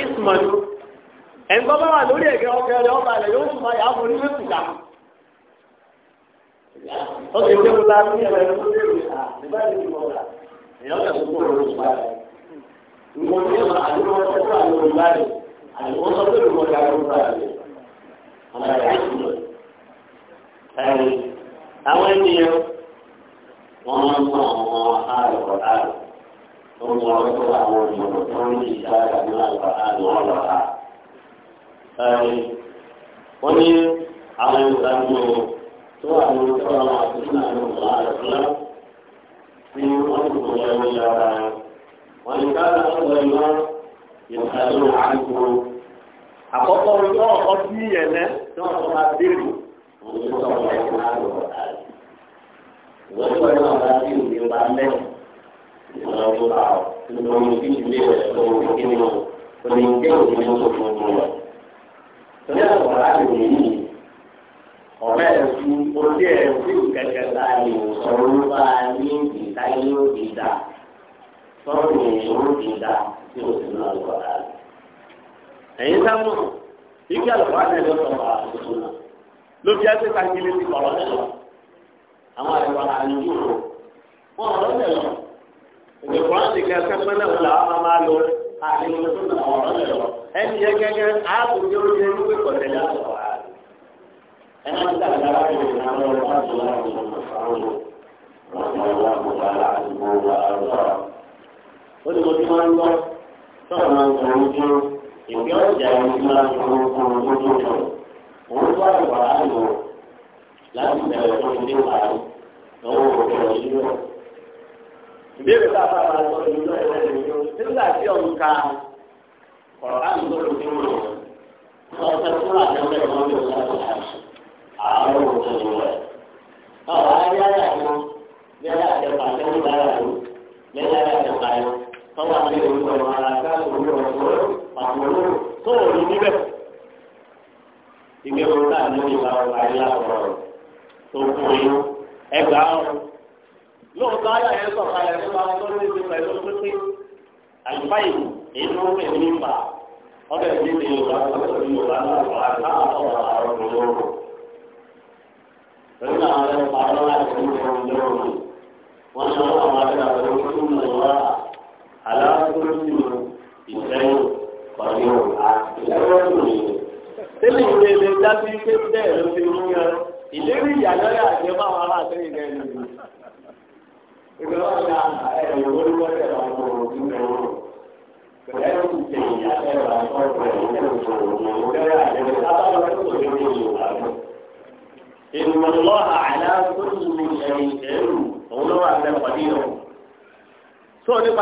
ìsùmọ̀lú ẹ̀ńgbọ́ bá wà lórí ẹ̀gẹ́ ọkẹ́ rẹ̀ yóò sùn ayà mọ̀ ní méjì dà ó sì gbé wọn láti ẹ̀rọ ẹ̀rọ tó lérò ìhà nígbà ثم وصل أمرهم وكل كتاب من القرآن والرحى ومن على أنه سواء من صلى الله عليه وسلم في أنفسهم يوم الجمعة وإن كان أفضل الناس يسألون عنه àkọ́kọ́ orí ọ̀kọ́ sí ẹ̀lẹ́ tí wọ́n sọ máa dé lù. Òun ló sọ̀rọ̀ ẹ̀kọ́ àlọ́ ọ̀tá rẹ̀. Ìwọ́n tó ń bá ọ̀tá sí òde ọba mẹ́rin ìlànà àwọn aráàlú ni yóò ìdá ọ̀rọ̀ náà ìjọba ti kẹ sẹpẹ náà wọlé àwọn máa lọ àti wọn tó nà ọ̀rọ̀ rẹ lọ ẹni yẹ gẹ́gẹ́ ààbò yẹ ó yẹ wípé kọtẹ yà sọ wà á ẹ má ti dàgbà láti rìn náà lọ láti lọ láti lọ sọ̀rọ̀ wọn ni wọn kò bá láti bó wà á lọ. ó ní mo ti máa ọjà ìlú ìbéèrè tá a bá máa sọ ìlú nígbà tí ọ̀hún ka ọ̀rọ̀ láti lọ́dún tí wọ́n lọ fún àjọ mẹ́rin wọn ní ọ̀sán tẹ̀lé ní Yorùbá tó ti Yorùbá náà.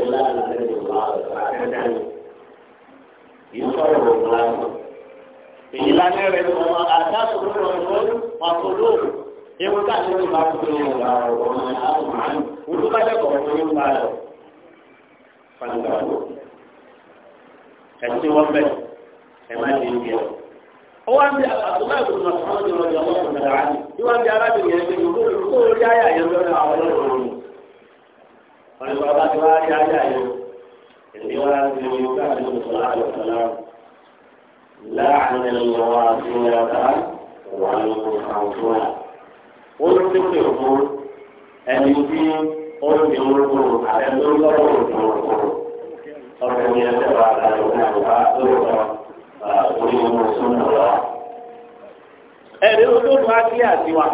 الله صلى الله عليه وسلم يصور الله ìlànà rẹ̀ ló mọ àdáṣòro ọ̀rọ̀ ọ̀tọ̀ló ewu káàkiri ló máa ń pè é ọ̀rọ̀ ọ̀rọ̀ àtùmáì olùbádẹ́kọ̀ ọ̀rọ̀ ló ń bá rẹ̀ fàlùbàlù ẹ̀sìn wọn bẹ̀ ẹ̀ má lè yẹ. ó wá ń bí àtùmáì kò mọ̀ sọ́ọ́ ní ọjọ́ ọmọ ìgbàlá tí wọ́n ń bí arábìnrin yẹn pé kó o rí àyà yẹn lọ́nà àwọn ọ̀rọ̀ wọn ní bàbá tí wàá yá yá yìí èmi wá sí i ká ní mùsùlùmá àlùfàlà láàrin ìwà àti ìyàtà wà lóko àwùjọ ó ló ti pè fún ẹni tí ó ti ń rúkú àtẹnudọ́ òkú ọkùnrin ẹgbẹ́ wa àtàlù náà wá lóko orí ọmọ sọ́nà wa. ẹ̀rí olóòtú á kí àtiwá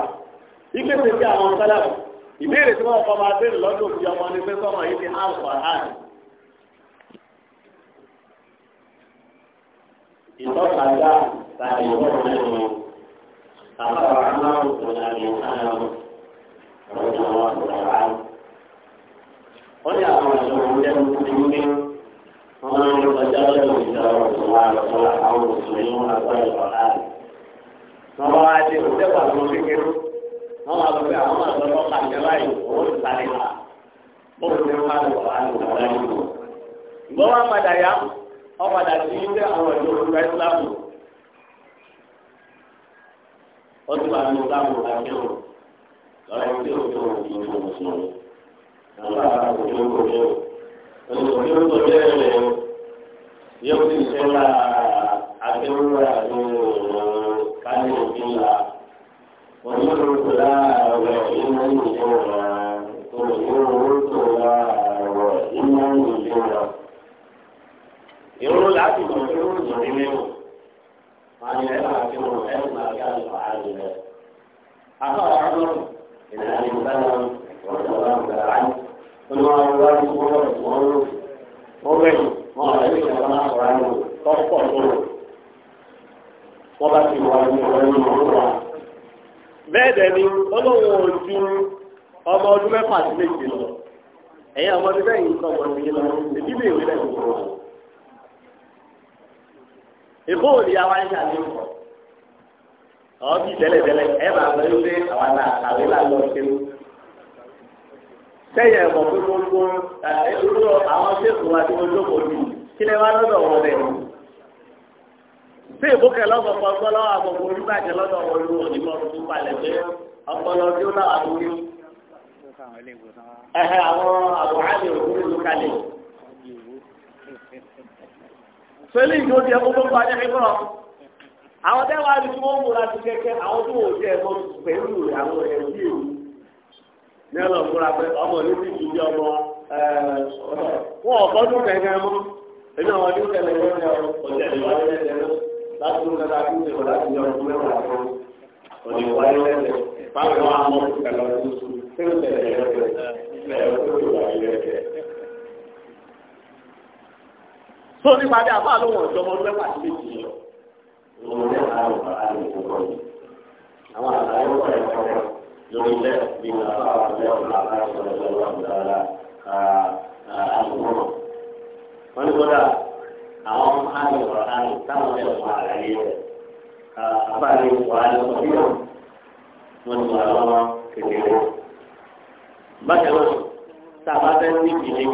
ikú ìpèsè àwọn sálábù. ìbéèrè tí wọn kọ máa béèrè lọ́dọ̀ òbí ọmọ ní pé sọmọ yìí ti alquran ìtọ́kadà tàbí ìwọ́n ní àbára náà kò lábẹ́ ìtàn ọ̀rọ̀ àwọn àgbàrá. wọ́n ní àwọn ìṣòro lẹ́nu tí ń gbé wọ́n máa ń kọjá lẹ́nu ìjọba ìṣòro àlọ́kọ́lá àwọn òṣèré wọn agbára ìwọ̀n láàrin. wọ́n bá wá dé òṣèlú àwọn kékeré wọ́n máa lọ pé àwọn máa lọ lọ́ka ìjọba yìí owó ti sáré ha ó ti ń máa lọ àlù ọ̀la yìí. ìgbọ́n wa padà yá wọ́n padà sí ilé àwọn ìlú olùkọ́ ìsìlámù ó ti wà ní ìsìlámù àkẹ́wò lọ́wọ́ tí ó tó ìlú mùsùlùmí. àwọn ará kò tó kò tó olùkọ́ tó kò tó ẹ̀rẹ̀ yóò ti ṣe ń ra àkẹ́wò rà ní kánìyàn bí ń ra. وَيُؤْتُوا وَإِمَّنْ يُجُورًا وَيُؤْتُوا وَإِمَّنْ يُجُورًا يقول العبد مجنون مجنون قال يا مجنون ما كان فعال أخبر عمر إن أبي سلمة رضي الله عنه قل ما هو الله مؤمن مؤمن كما أخبر عنه تخطئ وبكي وأبي وأبي bẹ́ẹ̀ dẹ̀ ni ọlọ́wọ́ ojú ọmọ ọdún mẹ́fà sí méje lọ ọmọ ọdún mẹ́yìn sọ wọ́n ti lọ èdè ilé ìwé kò wọ́n. èkó òní ń ṣàlẹ́ bí tẹ́lẹ̀tẹ́lẹ̀ sẹ́yìn gbogbo àwọn kí wá lọ́dọ̀ wọn tí ìbúkẹ lọ́gbọ̀n kan gbọ́lọ́ àgbọ̀gbọ̀ onígbàjẹ́ lọ́dọ̀ wọn tó palẹ̀ pé ọpọlọ tí ó náà àwọn ìjọ ti tó ń bá àwọn tí wọ́n múra ti kẹ́kẹ́ àwọn tó jẹ́ ẹ̀kọ́ pẹ̀lú àwọn ní pé ọmọ ní ti ọmọ wọn láti ló kẹta kí ṣe wọlé àti ọdún mẹ́wàá tó òní wáyé lẹ́sẹ̀ báwo wá mọ́ kẹlẹ́ ọdún sùn tí ó tẹ̀lé lẹ́sẹ̀ ilẹ̀ ọdún tó wà lẹ́sẹ̀. tó nípa bí abá ló wọ̀ ọ̀dọ́mọ mẹ́wàá sí méjì yọ. òun ní àwọn àwọn àlejò kan yìí àwọn àlàyé wọn ẹ̀ kọ́ lórí ilẹ̀ bí wọn bá wà lẹ́wọ̀n àwọn àmì ọ̀rọ̀ àmì táwọn ọ̀rẹ́ ọ̀pọ̀ àlàyé rẹ̀ abáyé wà lọ́wọ́ sílẹ̀ wọn ti wà lọ́wọ́ kékeré. bákan náà tá a bá fẹ́ ní ìdílé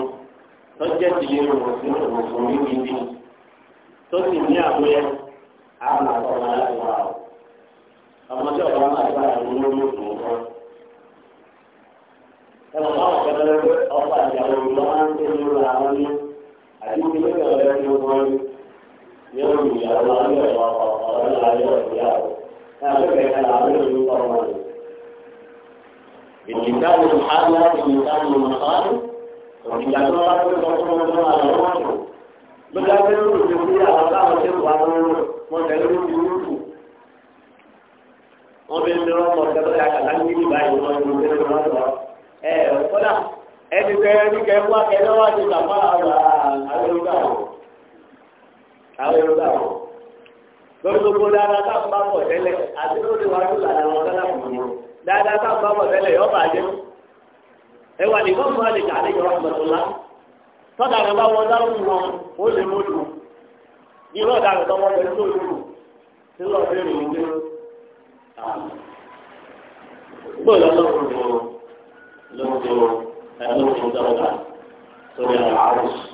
tó jẹ́ ìdílé mùsùlùmí mùsùlùmí gidi tó sì ní àbúyẹ àwọn àkọ́kọ́ láti wà ó. ọmọdé ọ̀rọ̀ máa gbà lórí lóṣù kan. ẹ̀wọ̀n báwọn kẹ́lẹ́ ọkọ̀ àti àwọn olùlọ́wọ́ ń tẹ́lẹ̀ lóra àdúgbò lọ́dọ̀ ní wọ́n fún ọmọ àlọ́ mọ́tò. àwọn ọ̀la àwọn yorùbá wò lórí gbogbo dáadáa tá a bá pọ̀ tẹ́lẹ̀ àti lórí wájú làdá wọn dáadáa kù wọn dáadáa tá a bá pọ̀ tẹ́lẹ̀ yọ bàjẹ́ ẹ wà ní gbọ́dọ̀ wọn lè kà ní yọrọ àgbàdúrà tọ́jà rẹ bá wọn dáhùn wọn ó lè mú lù irú ọ̀dà rẹ tọ́wọ́ bẹ tó lù tí lọ́ọ̀ bẹ́ẹ̀ rìn ní gbọ́dọ̀ lọ́kùnrin lọ́kùnrin lọ́kùnrin lọ́kùnrin lọ́kùnrin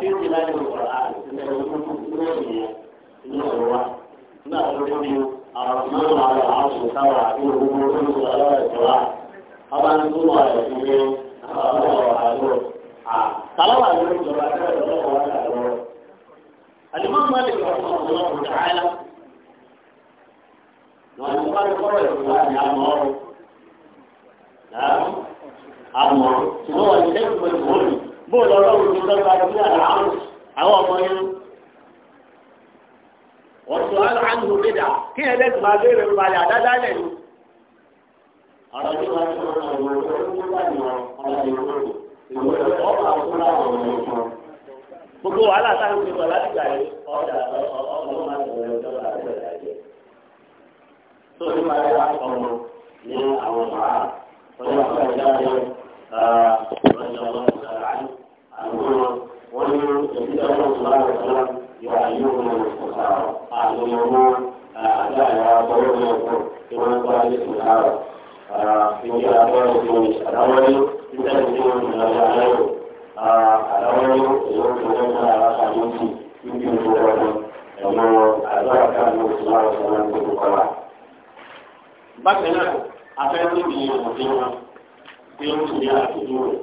fífi láti ọ̀rọ̀ àtìlẹ́ olóògbé ní ọ̀rọ̀ àwọn ọmọ àwọn àwọn wọ́n ní bóòlù ọlọ́run ti dọ́gba sí àlàáhùn àwọn ọmọ yẹn. wọ́n sọ aláǹdù bídà kí ẹ lẹ́sìn máa béèrè balẹ̀ àdáda lẹ̀ ni. ọ̀rọ̀ tí wọ́n ti sọ ọ̀rọ̀ ìwé ọ̀rọ̀ ìwé ọ̀rọ̀ gbogbo wàhálà táwọn ti sọ láti gbà yìí ọ̀dà ọ̀dọ́ máa ń sọ̀rọ̀ ìjọba àti ọ̀dà jẹ́. tó ní máa yára ọmọ ní àwọn màá ọjọ́ àti ọjọ́ àjọ ọ̀rọ̀ ìjọba ọ̀rọ̀ àjọ àwọn wọn ní èyí tó ń sọ láwọn ọ̀sán yóò ayé wọn ọ̀sán àwọn ọmọ àgbà ìyá ọmọ ní ọkọ tí wọn kọ́ ayé tó láwọ̀ ìdí àbọ̀ ìdí àdáwọ̀ ní títẹ̀ ní ìlànà àlẹ́ àdáwọ̀ ní èyí tó ń sọ àwọn àmọ́sí níbi ìfowópamọ́ ẹ̀mọ́ àgbà kan ní ọ̀sán láwọn ọ̀sán ní ọkọ̀ wa. bákan náà afẹ́ níbi òfin wọn tí ó ń ṣe àtúntò rẹ̀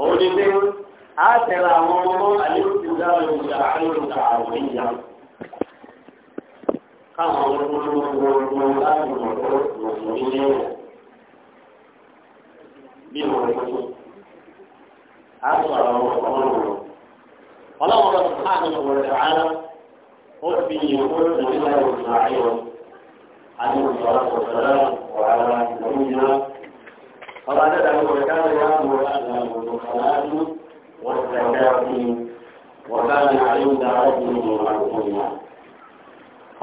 òun ni pé a tẹ̀lé àwọn ọmọ àlébùkúdá lòdà àlòdà àwọn ìyá. Káwọn olùdókòwò láti mọ̀ tó lòdì nílé rẹ̀. Bí mo rẹ̀ tó, a sọ̀rọ̀ àwọn ọmọ rẹ̀. Ọlọ́run lọ sí والزكاة وكان عند ربه مرحوما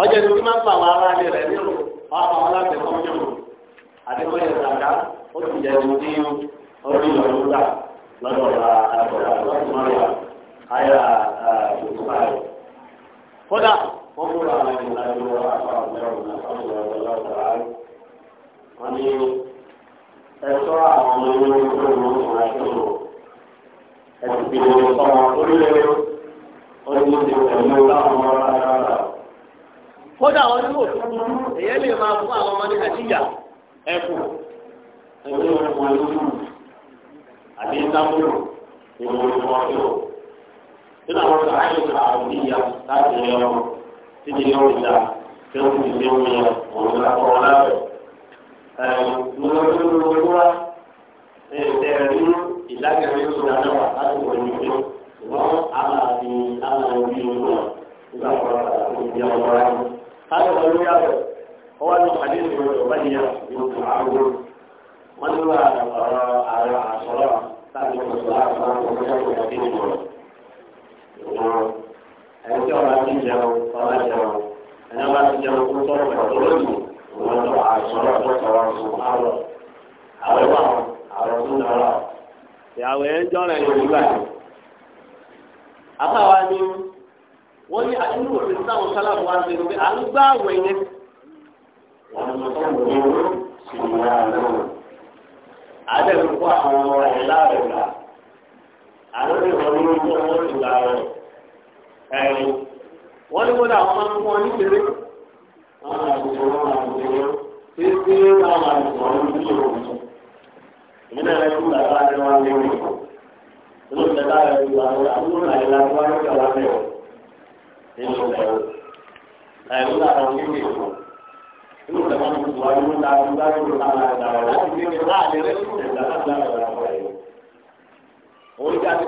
ọjọ́ ìlú máa ń pa àwọn ará ilé rẹ̀ nínú ọ̀pọ̀ aláàbẹ̀kọ́ nínú àdékọ́yẹ̀ ìsàkà ó sì jẹ́ ìlú ní orí ìlú gbà lọ́dọ̀ àgbọ̀dà lọ́sùmọ́rìà àyà ìlúpa rẹ̀. kódà wọ́n múra àwọn ìlú láti wọ́n àpá ọ̀gbẹ́rún náà ọ̀gbẹ́rún náà lọ́dọ̀ àárẹ̀. wọ́n ní ẹ̀ṣọ́ àwọn ọmọ ìlú ẹ̀sìn ìdílé sọ̀rọ̀ orílẹ̀ kódà wọn ní èyẹ lè máa fún àwọn ọmọ ní àdíyà ẹ̀kú ẹgbẹ́ wọn àti ìdámúlò ìwọ̀n ìwọ̀n ìwọ̀n nínú àwọn ọ̀sán ayé ìgbà àwọn ìyá láti ilé ọrùn títí ilé ọrùn ìjà tí ó ti ilé ọrùn yẹn òun ní akọ̀wọ́ láàbẹ̀. ẹ̀ẹ́dùn lọ́dún ló wá ẹ̀ẹ́dẹ̀ẹ́dún ìdájọ́ yóò sọ àdáwà láti wọ̀ ní ọjọ́ ṣùgbọ́n àlà ni àlà orí ọjọ́ nígbà kan àti ìdí ọmọ rẹ̀. káyọ̀ wọn ló yàtọ̀ ọwọ́ ní pàdé ìlú ọ̀bá ìyá yóò tó àgbo wọn ní wà ọ̀rọ̀ àrẹ àṣọlọ́ láti wọ̀ sọ àgbà ọjọ́ ìpàdé ìlú rẹ̀. ẹni tí ọba ti jẹun ọba jẹun ẹni ọba ti jẹun tó tọrọ ọ̀dọ́ lónìí wọn lọ àṣọlọ́ tó tọrọ sùn àrọ̀ àrẹ̀ wà àrọ̀ tó dára. ìyàwó ẹ̀ ń jọ́rọ̀ ẹ̀ nígbà yẹn. ni wọ́n ní àdúgbò òfin táwọn sálábù wá ń ṣe pé àwọ̀ yẹn. àdẹ̀rù kó àwọn ọmọ rẹ̀ láàrẹ̀ rà àwọn ìwọ̀n ní ojú ọmọ ìgbà rẹ̀ ẹ̀yìn. wọ́n ní wọ́n máa ń fún ọ ní kéré. wọ́n máa ń ń èmi náà lẹ́kùn bàbá rẹ̀ wá lé mi olóòtú bàbá rẹ̀ wá lé àbúrò náà yẹn lọ́wọ́ ló kẹ́ wá lé o nínú rẹ̀ o ẹ̀rú làwọn onímọ̀ èkó inú rẹ̀ wọ́n ti wá lóun náà bá náà láti gbé láàrin o. ti àti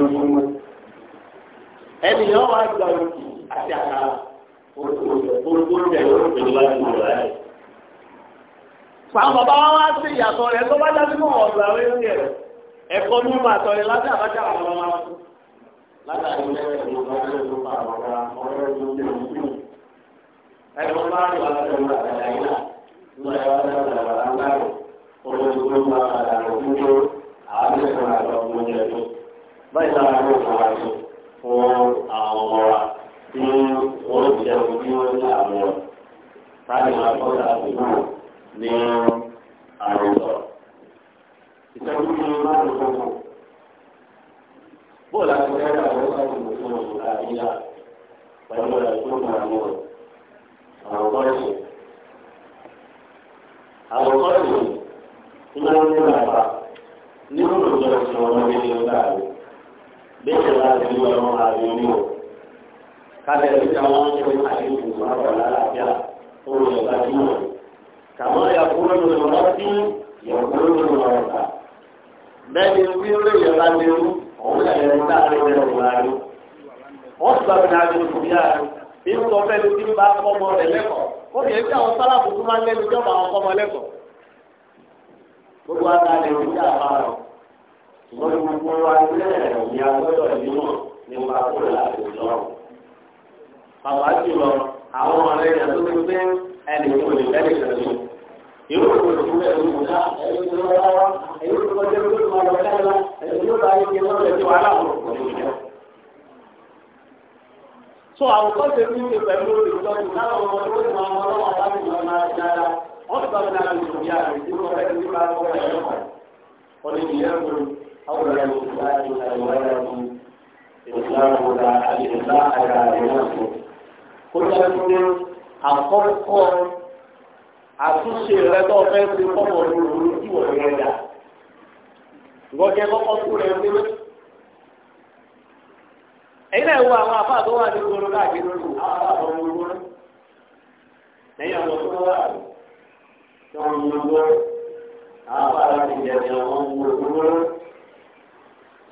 ọ̀rẹ́ ènìyàn wà gba òkè àti àkàrà olùkóńtẹ̀ olùkóńtẹ̀ ló bá ti wọ̀ láyé. Fàwọn bàbá wa wá sí ìyàtọ̀ rẹ̀ tó bá dájú mọ́ ọ̀rọ̀ àwọn ẹ̀rọ rẹ̀. Ẹ̀kọ́ ní ìmọ̀ àtọ̀ rẹ̀ láti àbájá àwọn ọmọ wa. Látàrí ẹ̀rọ ìgbà tó ń bá àwọn ọmọ rẹ̀ tó ń bẹ̀rù sí. Ẹ̀rọ bá rí wàhálà tó ń bá àgbàlá yìí náà. Ìwà ẹ̀rọ bá rí wàhálà ńlá rẹ̀. Olùkóńtẹ̀ ló bá àgbàlá rẹ̀ tó ń bẹ̀rù. Àwọn fún àwọn ọmọ wa tí wọ́n ti dẹ́kun bí àwọn ọ̀rọ̀ láti máa kọ́ ta àbúrò ní àròsọ. ìtọ́jú ni máa ń lò fún bóòlù àti ẹ̀rọ àwọn ọ̀sán ìlú fún ọ̀sán àbíyá pẹ̀lú ọ̀rọ̀ tó ń àwọn àròkọ́ ìṣẹ̀. àròkọ́ ìṣẹ̀ tí wọ́n ń lò nípa nínú ìjọba ìṣòro ọmọdé ní ọgbà rẹ̀ bẹ́ẹ̀ la ti wọ ẹ̀rọ ààrẹ ní o kábẹ́ ẹ̀rọ ìjà wọn ṣe àdéhùn wọn wà lálàáfíà tó lọ ẹ̀rọ àti wọn. kàmọ́ ìyàkúrò ló lọ lọ sí ìyàkúrò ló lọ lọ sà. bẹ́ẹ̀ni bí ó lè yẹ bá lè rú òun lè yẹ bá lè rẹ òun la rú. wọ́n ti gbàgbé náà lè fi yára rú. bí n sọ fẹ́ẹ́ ló ti ń bá ọmọ rẹ̀ lẹ́kọ̀ọ́ ó fi ẹgbẹ́ àwọn sálàbù tó máa ń lẹ́nu jọ́ba àwọn ọmọ ṣùgbọ́n gbogbo wa náà ní agbọ́dọ̀ nímọ̀ nípa kúrò láti lọ. bàbá jùlọ àwọn ọ̀rẹ́ yẹn tó ti gbé ẹnì kò lè fẹ́ nìkan tó. irú òkú tó fún ẹ̀rú kò dá ẹ̀rú tó lọ wá ẹ̀rú tó kọjá tó lọ lọ fẹ́ lọ ẹ̀rú tó bá yẹ lọ lọ sí wàhálà wọn kò ní ìjọ. sọ àwọn kọ́sẹ̀ ní ìlú pẹ̀lú ìtọ́jú táwọn ọmọ tó ti máa mọ́ lọ́wọ́ láti lọ máa dára wọ́n ti bá mi náà lè sùn yára ìdí أولى الإسلام الولد إسلام لا الإسلام لا àwọn afá ní àwọn wà àwọn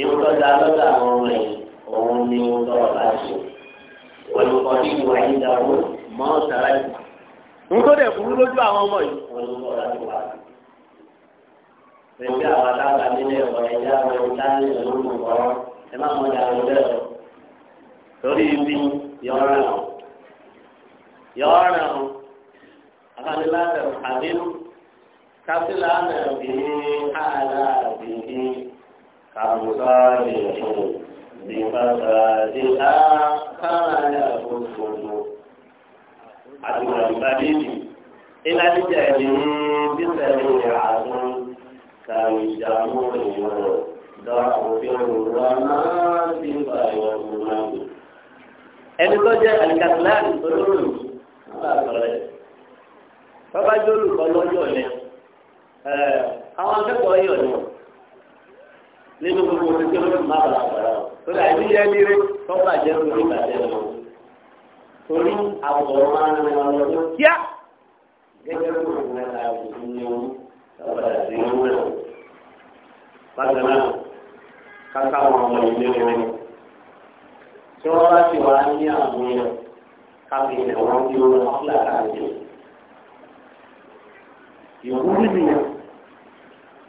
ìwọ tó da lọ́dọ̀ àwọn ọmọ yìí òun ni ó tọrọ láṣẹ olùkọ́ bí ìwà yìí dà wọ́n mọ́ sára yìí. n tó dẹ̀ burú lójú àwọn ọmọ yìí. olùkọ́ láti wà á. pẹ̀lú àwọn alága nílé ẹ̀kọ́ ẹ̀já àwọn ẹ̀já ní olùkọ́ ẹ má mọ̀ ìyàwó bẹ́ẹ̀ lọ. torí ibi yọ̀ọ́ràn yọ̀ọ́ràn àbálẹ́lá àbínú kásílà náà bìí hàlà bìí. كالقارئ بفسادها كما يفسد عدوا بديل إلى الجهل بسريعة كالجمهور ضعف الرماد فيظلم ẹni tó jẹ alikasilaani tó lórí mi nígbà tó rẹ tọ́ba olùkọ́ lọ́jọ́ rẹ àwọn akẹ́kọ̀ọ́ yọ̀ ni nínú gbogbo oṣù tí olóṣù má bàa bàrà o torí àìní yẹn lére tó bàjẹ́ tó ní bàjẹ́ lọ torí àwòrán máa ń rìn ọ̀rọ̀ tó kíá gẹ́gẹ́ bí òun rẹ̀ la òun ní òun ọ̀rọ̀ àti òun rẹ̀ bákan náà káká wọn ọmọ ìlú rẹ̀ tí wọ́n bá ti wá ní àwọn yẹn káfí ìrẹ̀wọ̀n tí ó lọ sí àkáǹtì ìwúrí nìyẹn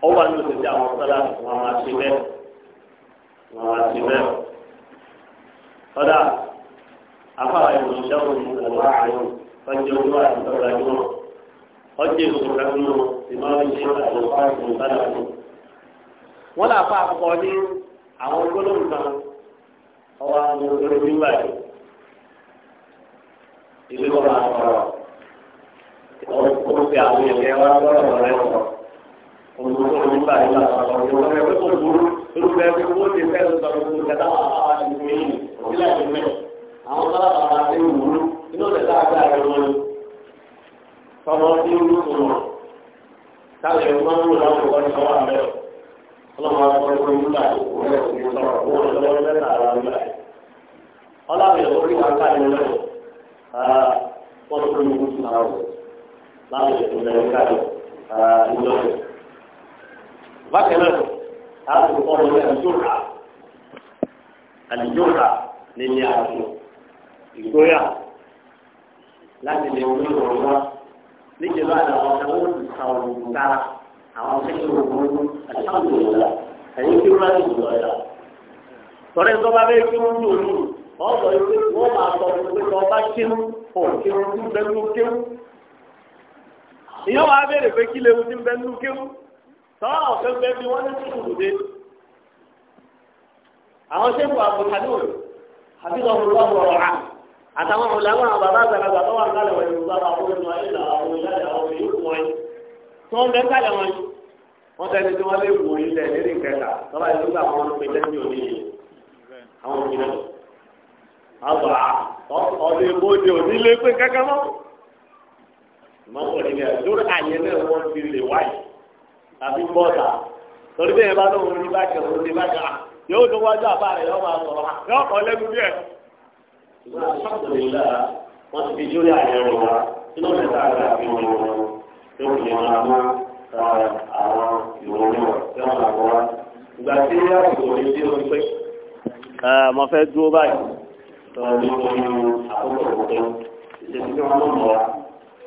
ó wà ní òṣèlú àwọn sọ́lá wọn máa ṣe bẹ́ẹ̀ wọn máa ṣe bẹ́ẹ̀. kọ́dà afárá ìwòsàn ìṣẹ́wọ̀n ìgbàlá àyọ̀ fẹ́jọ́ ojú àtúntọ́ra yìí ọjọ́ ìṣòro kanú ìmọ̀ràn ṣe àyọ̀fà ìgbàlá yìí. wọ́n là fà àkọ́kọ́ ní àwọn gbólóhùn kan ọwọ́ àwọn olórí wáyé ìlú ọ̀rọ̀ àkọ́rọ̀ ọ̀rọ̀ kó àwọn ẹ̀yẹ wá lọ́rọ̀ rẹ̀ sọ̀rọ̀ olùkọ́ nígbà yìí láti sọ̀rọ̀ ìwọ̀n rẹ̀ pé kò burú irúfẹ́ bí wọ́n ti fẹ́ lọ sọ̀rọ̀ ìwọ̀n kẹta wà á wà nínú yìí sílẹ̀ tó mẹ́. àwọn sábà bàbá ti ń wúlú inú rẹ̀ tá a gbà rẹ̀ wọ́n ni. tọmọ tí ń lù sọ̀rọ̀ táwọn èèyàn máa ń wù láwọn ìwọ́n ti wà mẹ́rọ. ọlọ́mọ akọrin kò ní láti wọ́n rẹ̀ kò ní sọ̀rọ̀ kó wọ́n lọ́wọ́ mẹ́ta ara ń gbà. ọlọ́run ìwọ́n rí wọn káàdì lọ́wọ́ wọ́n tó ń gbóṣù náà wọ̀ láwọn ìwọ́n rí káàdì bákan náà a kò kọ́ ọ ní àjòrà àjòrà nílé àjò ìgbóyà láti lè wọlé ọ̀rọ̀ wa níjẹ́ bá àwọn ọ̀sán ó ti ka òògùn dára àwọn akẹ́kọ̀ọ́ òògùn àtàkùnrin ẹ̀yìn tí wọ́n á ti jọ ẹ̀dá. sọ̀rọ̀ ìtọ́ bá bẹ́ẹ̀ kí wọ́n yóò lù wọ́n sọ pé wọ́n máa sọ pé kí wọ́n bá kírun kò kírun tí ń bẹ́ẹ̀ lù kírun. ìyá wa béèrè pé kí lè mu tí ń bẹ́ẹ̀ lù kírun sọ́wọ́n ọ̀fẹ́ bẹ́ẹ̀ bí wọ́n ní sùkúrù dé àwọn sẹ́kù àbùkàdùn àti ìdánwò lọ́wọ́ ọ̀rá àtàwọn ọ̀làwọ̀n àbàbà àgbàlagbà tó wà kálẹ̀ wọ̀nyí lọ́wọ́ àwọn ènìyàn ìlà àwọn ìlànà àwọn èyí wọ̀nyí tó ń bẹ kálẹ̀ wọ̀nyí wọ́n tẹ́ni tí wọ́n lé wò ilẹ̀ lérí kẹta tọ́lá ìlú gbà wọn pé lẹ́yìn òní yìí àwọn òmìnira àgbà ọ̀dọ̀ èbó di òní lé pé kẹ́kẹ́ mọ́ ìmọ̀ tàbí bọ́ọ̀dà torí bẹ́ẹ̀ bá lóun ní bàjẹ́ òun ní bàjẹ́ ah, yóò tó wájú àbá rẹ̀ yóò máa sọ̀rọ̀ ah, yóò kọ́ lẹ́nu bí ẹ̀. ìgbà alhamdulilá wọn ti fi jórí àyẹ̀wò wa inú mi ta àgbà fi wọn wọn yóò fi máa mú àwọn ìwọ̀n náà yóò máa bọ̀ wá. ìgbà tí àsìkò mi dé orí pé. mo fẹ́ dúró báyìí. sọ̀rọ̀ nípa àkókò òkú ìṣèjọba mọ̀ wá.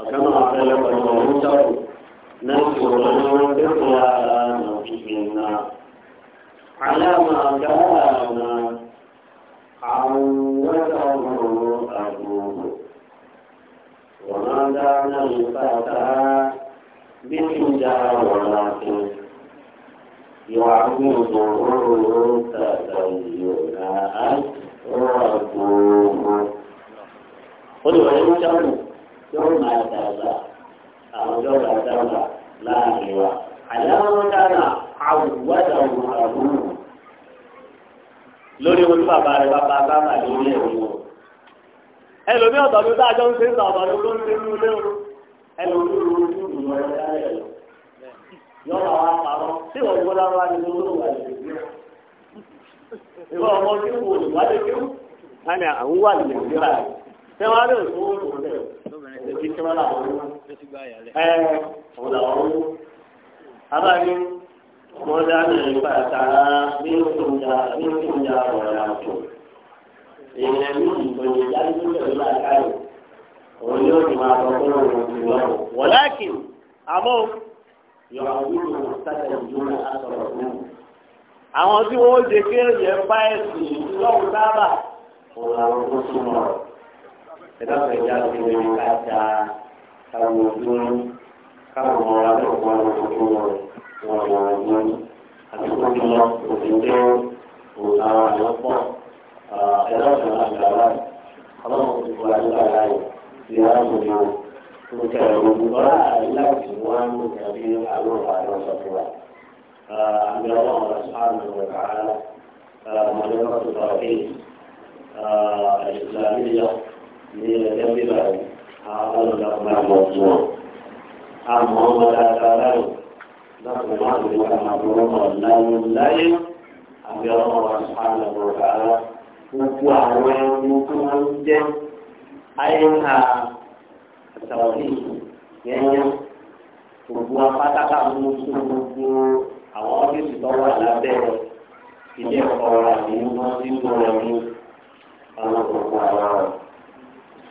وكما خلق الموتى نشكر له بقى على نفسنا على ما كان عوده أبوه وما كان الفتى بحجة ولكن يعبده تدين أكرمه قل وإن كانوا yóò máa dàgbà àwùjọ wa dàgbà láàrin wa àyàwọ̀dára àwùwádà òun àbúrò lórí ojú bàbá rẹ bàbá bàbá lórí ẹ̀rọ ẹlòmí ọ̀tọ̀ ló dájọ́ ń ṣe ń sọ̀tọ̀ ló ló ń ṣe ń lé o ẹlòmí ló ń ṣe ń lọ ẹ̀rọ ẹ̀rọ yọ̀ọ̀ wá pamọ́ tí wọ́n gbọ́dọ̀ wá ní lórí wà lè gbé ìwọ ọmọ tí kò wá lè gbé wọn àwọn wà lè gbé báyìí tẹ́wọ́n á lè fún ẹbí kí wọn làwọn ọmọ ẹ wọn làwọn ọmọ abáyé wọn dáná nípa ìtara bí ó ti ń ja bí ó ti ń ja ọ̀rọ̀ àjò èèyàn ní ìgbòye dájú pẹ̀lú àkáyọ̀ òun yóò ti máa bọ̀ fún òun ti lọ. wọ́láàkì àmọ́ yọ̀ọ̀ wúlò sábẹ̀ ìdúró àtọ̀rọ̀ fún un. àwọn tí wọ́n ó jẹ kéèyàn bá ẹ̀sìn lọ́wọ́ sábà òun làwọn tó súnmọ́ rẹ̀ ìdáhùn ìjà ti lè ká ja àwọn òdúró káwọn ọmọ wa lè wọ àwọn òdúró wọn wọn lè wọ òdúró àti kó tó lọ òdì tó òdà àwọn àyọ pọ ẹ̀dá ọ̀sán àti àlá ọlọ́run ti wọ àyọ àlá yìí ti ara mọ̀ ní wọn. Nǹkan ẹ̀rọ ìgbọ́ra láti wá ń lò tàbí àwọn ọ̀rọ̀ àyọ̀ sọ fún wa. Àmì ọlọ́run ọ̀rọ̀ sọ àmì ọ̀rọ̀ kàrà mọ̀lẹ́kọ̀ọ́ tó lọ sí ìsìlámì yọ̀ ní ẹgbẹ́ bíbá rẹ̀ àwọn ọlọ́dọ̀kùnrin àmọ́ tí wọ́n àmọ́ ọmọ dáadáa láàrú láti má lè wá àmọ́ ọ̀rọ̀ ọ̀rọ̀ ọ̀rọ̀.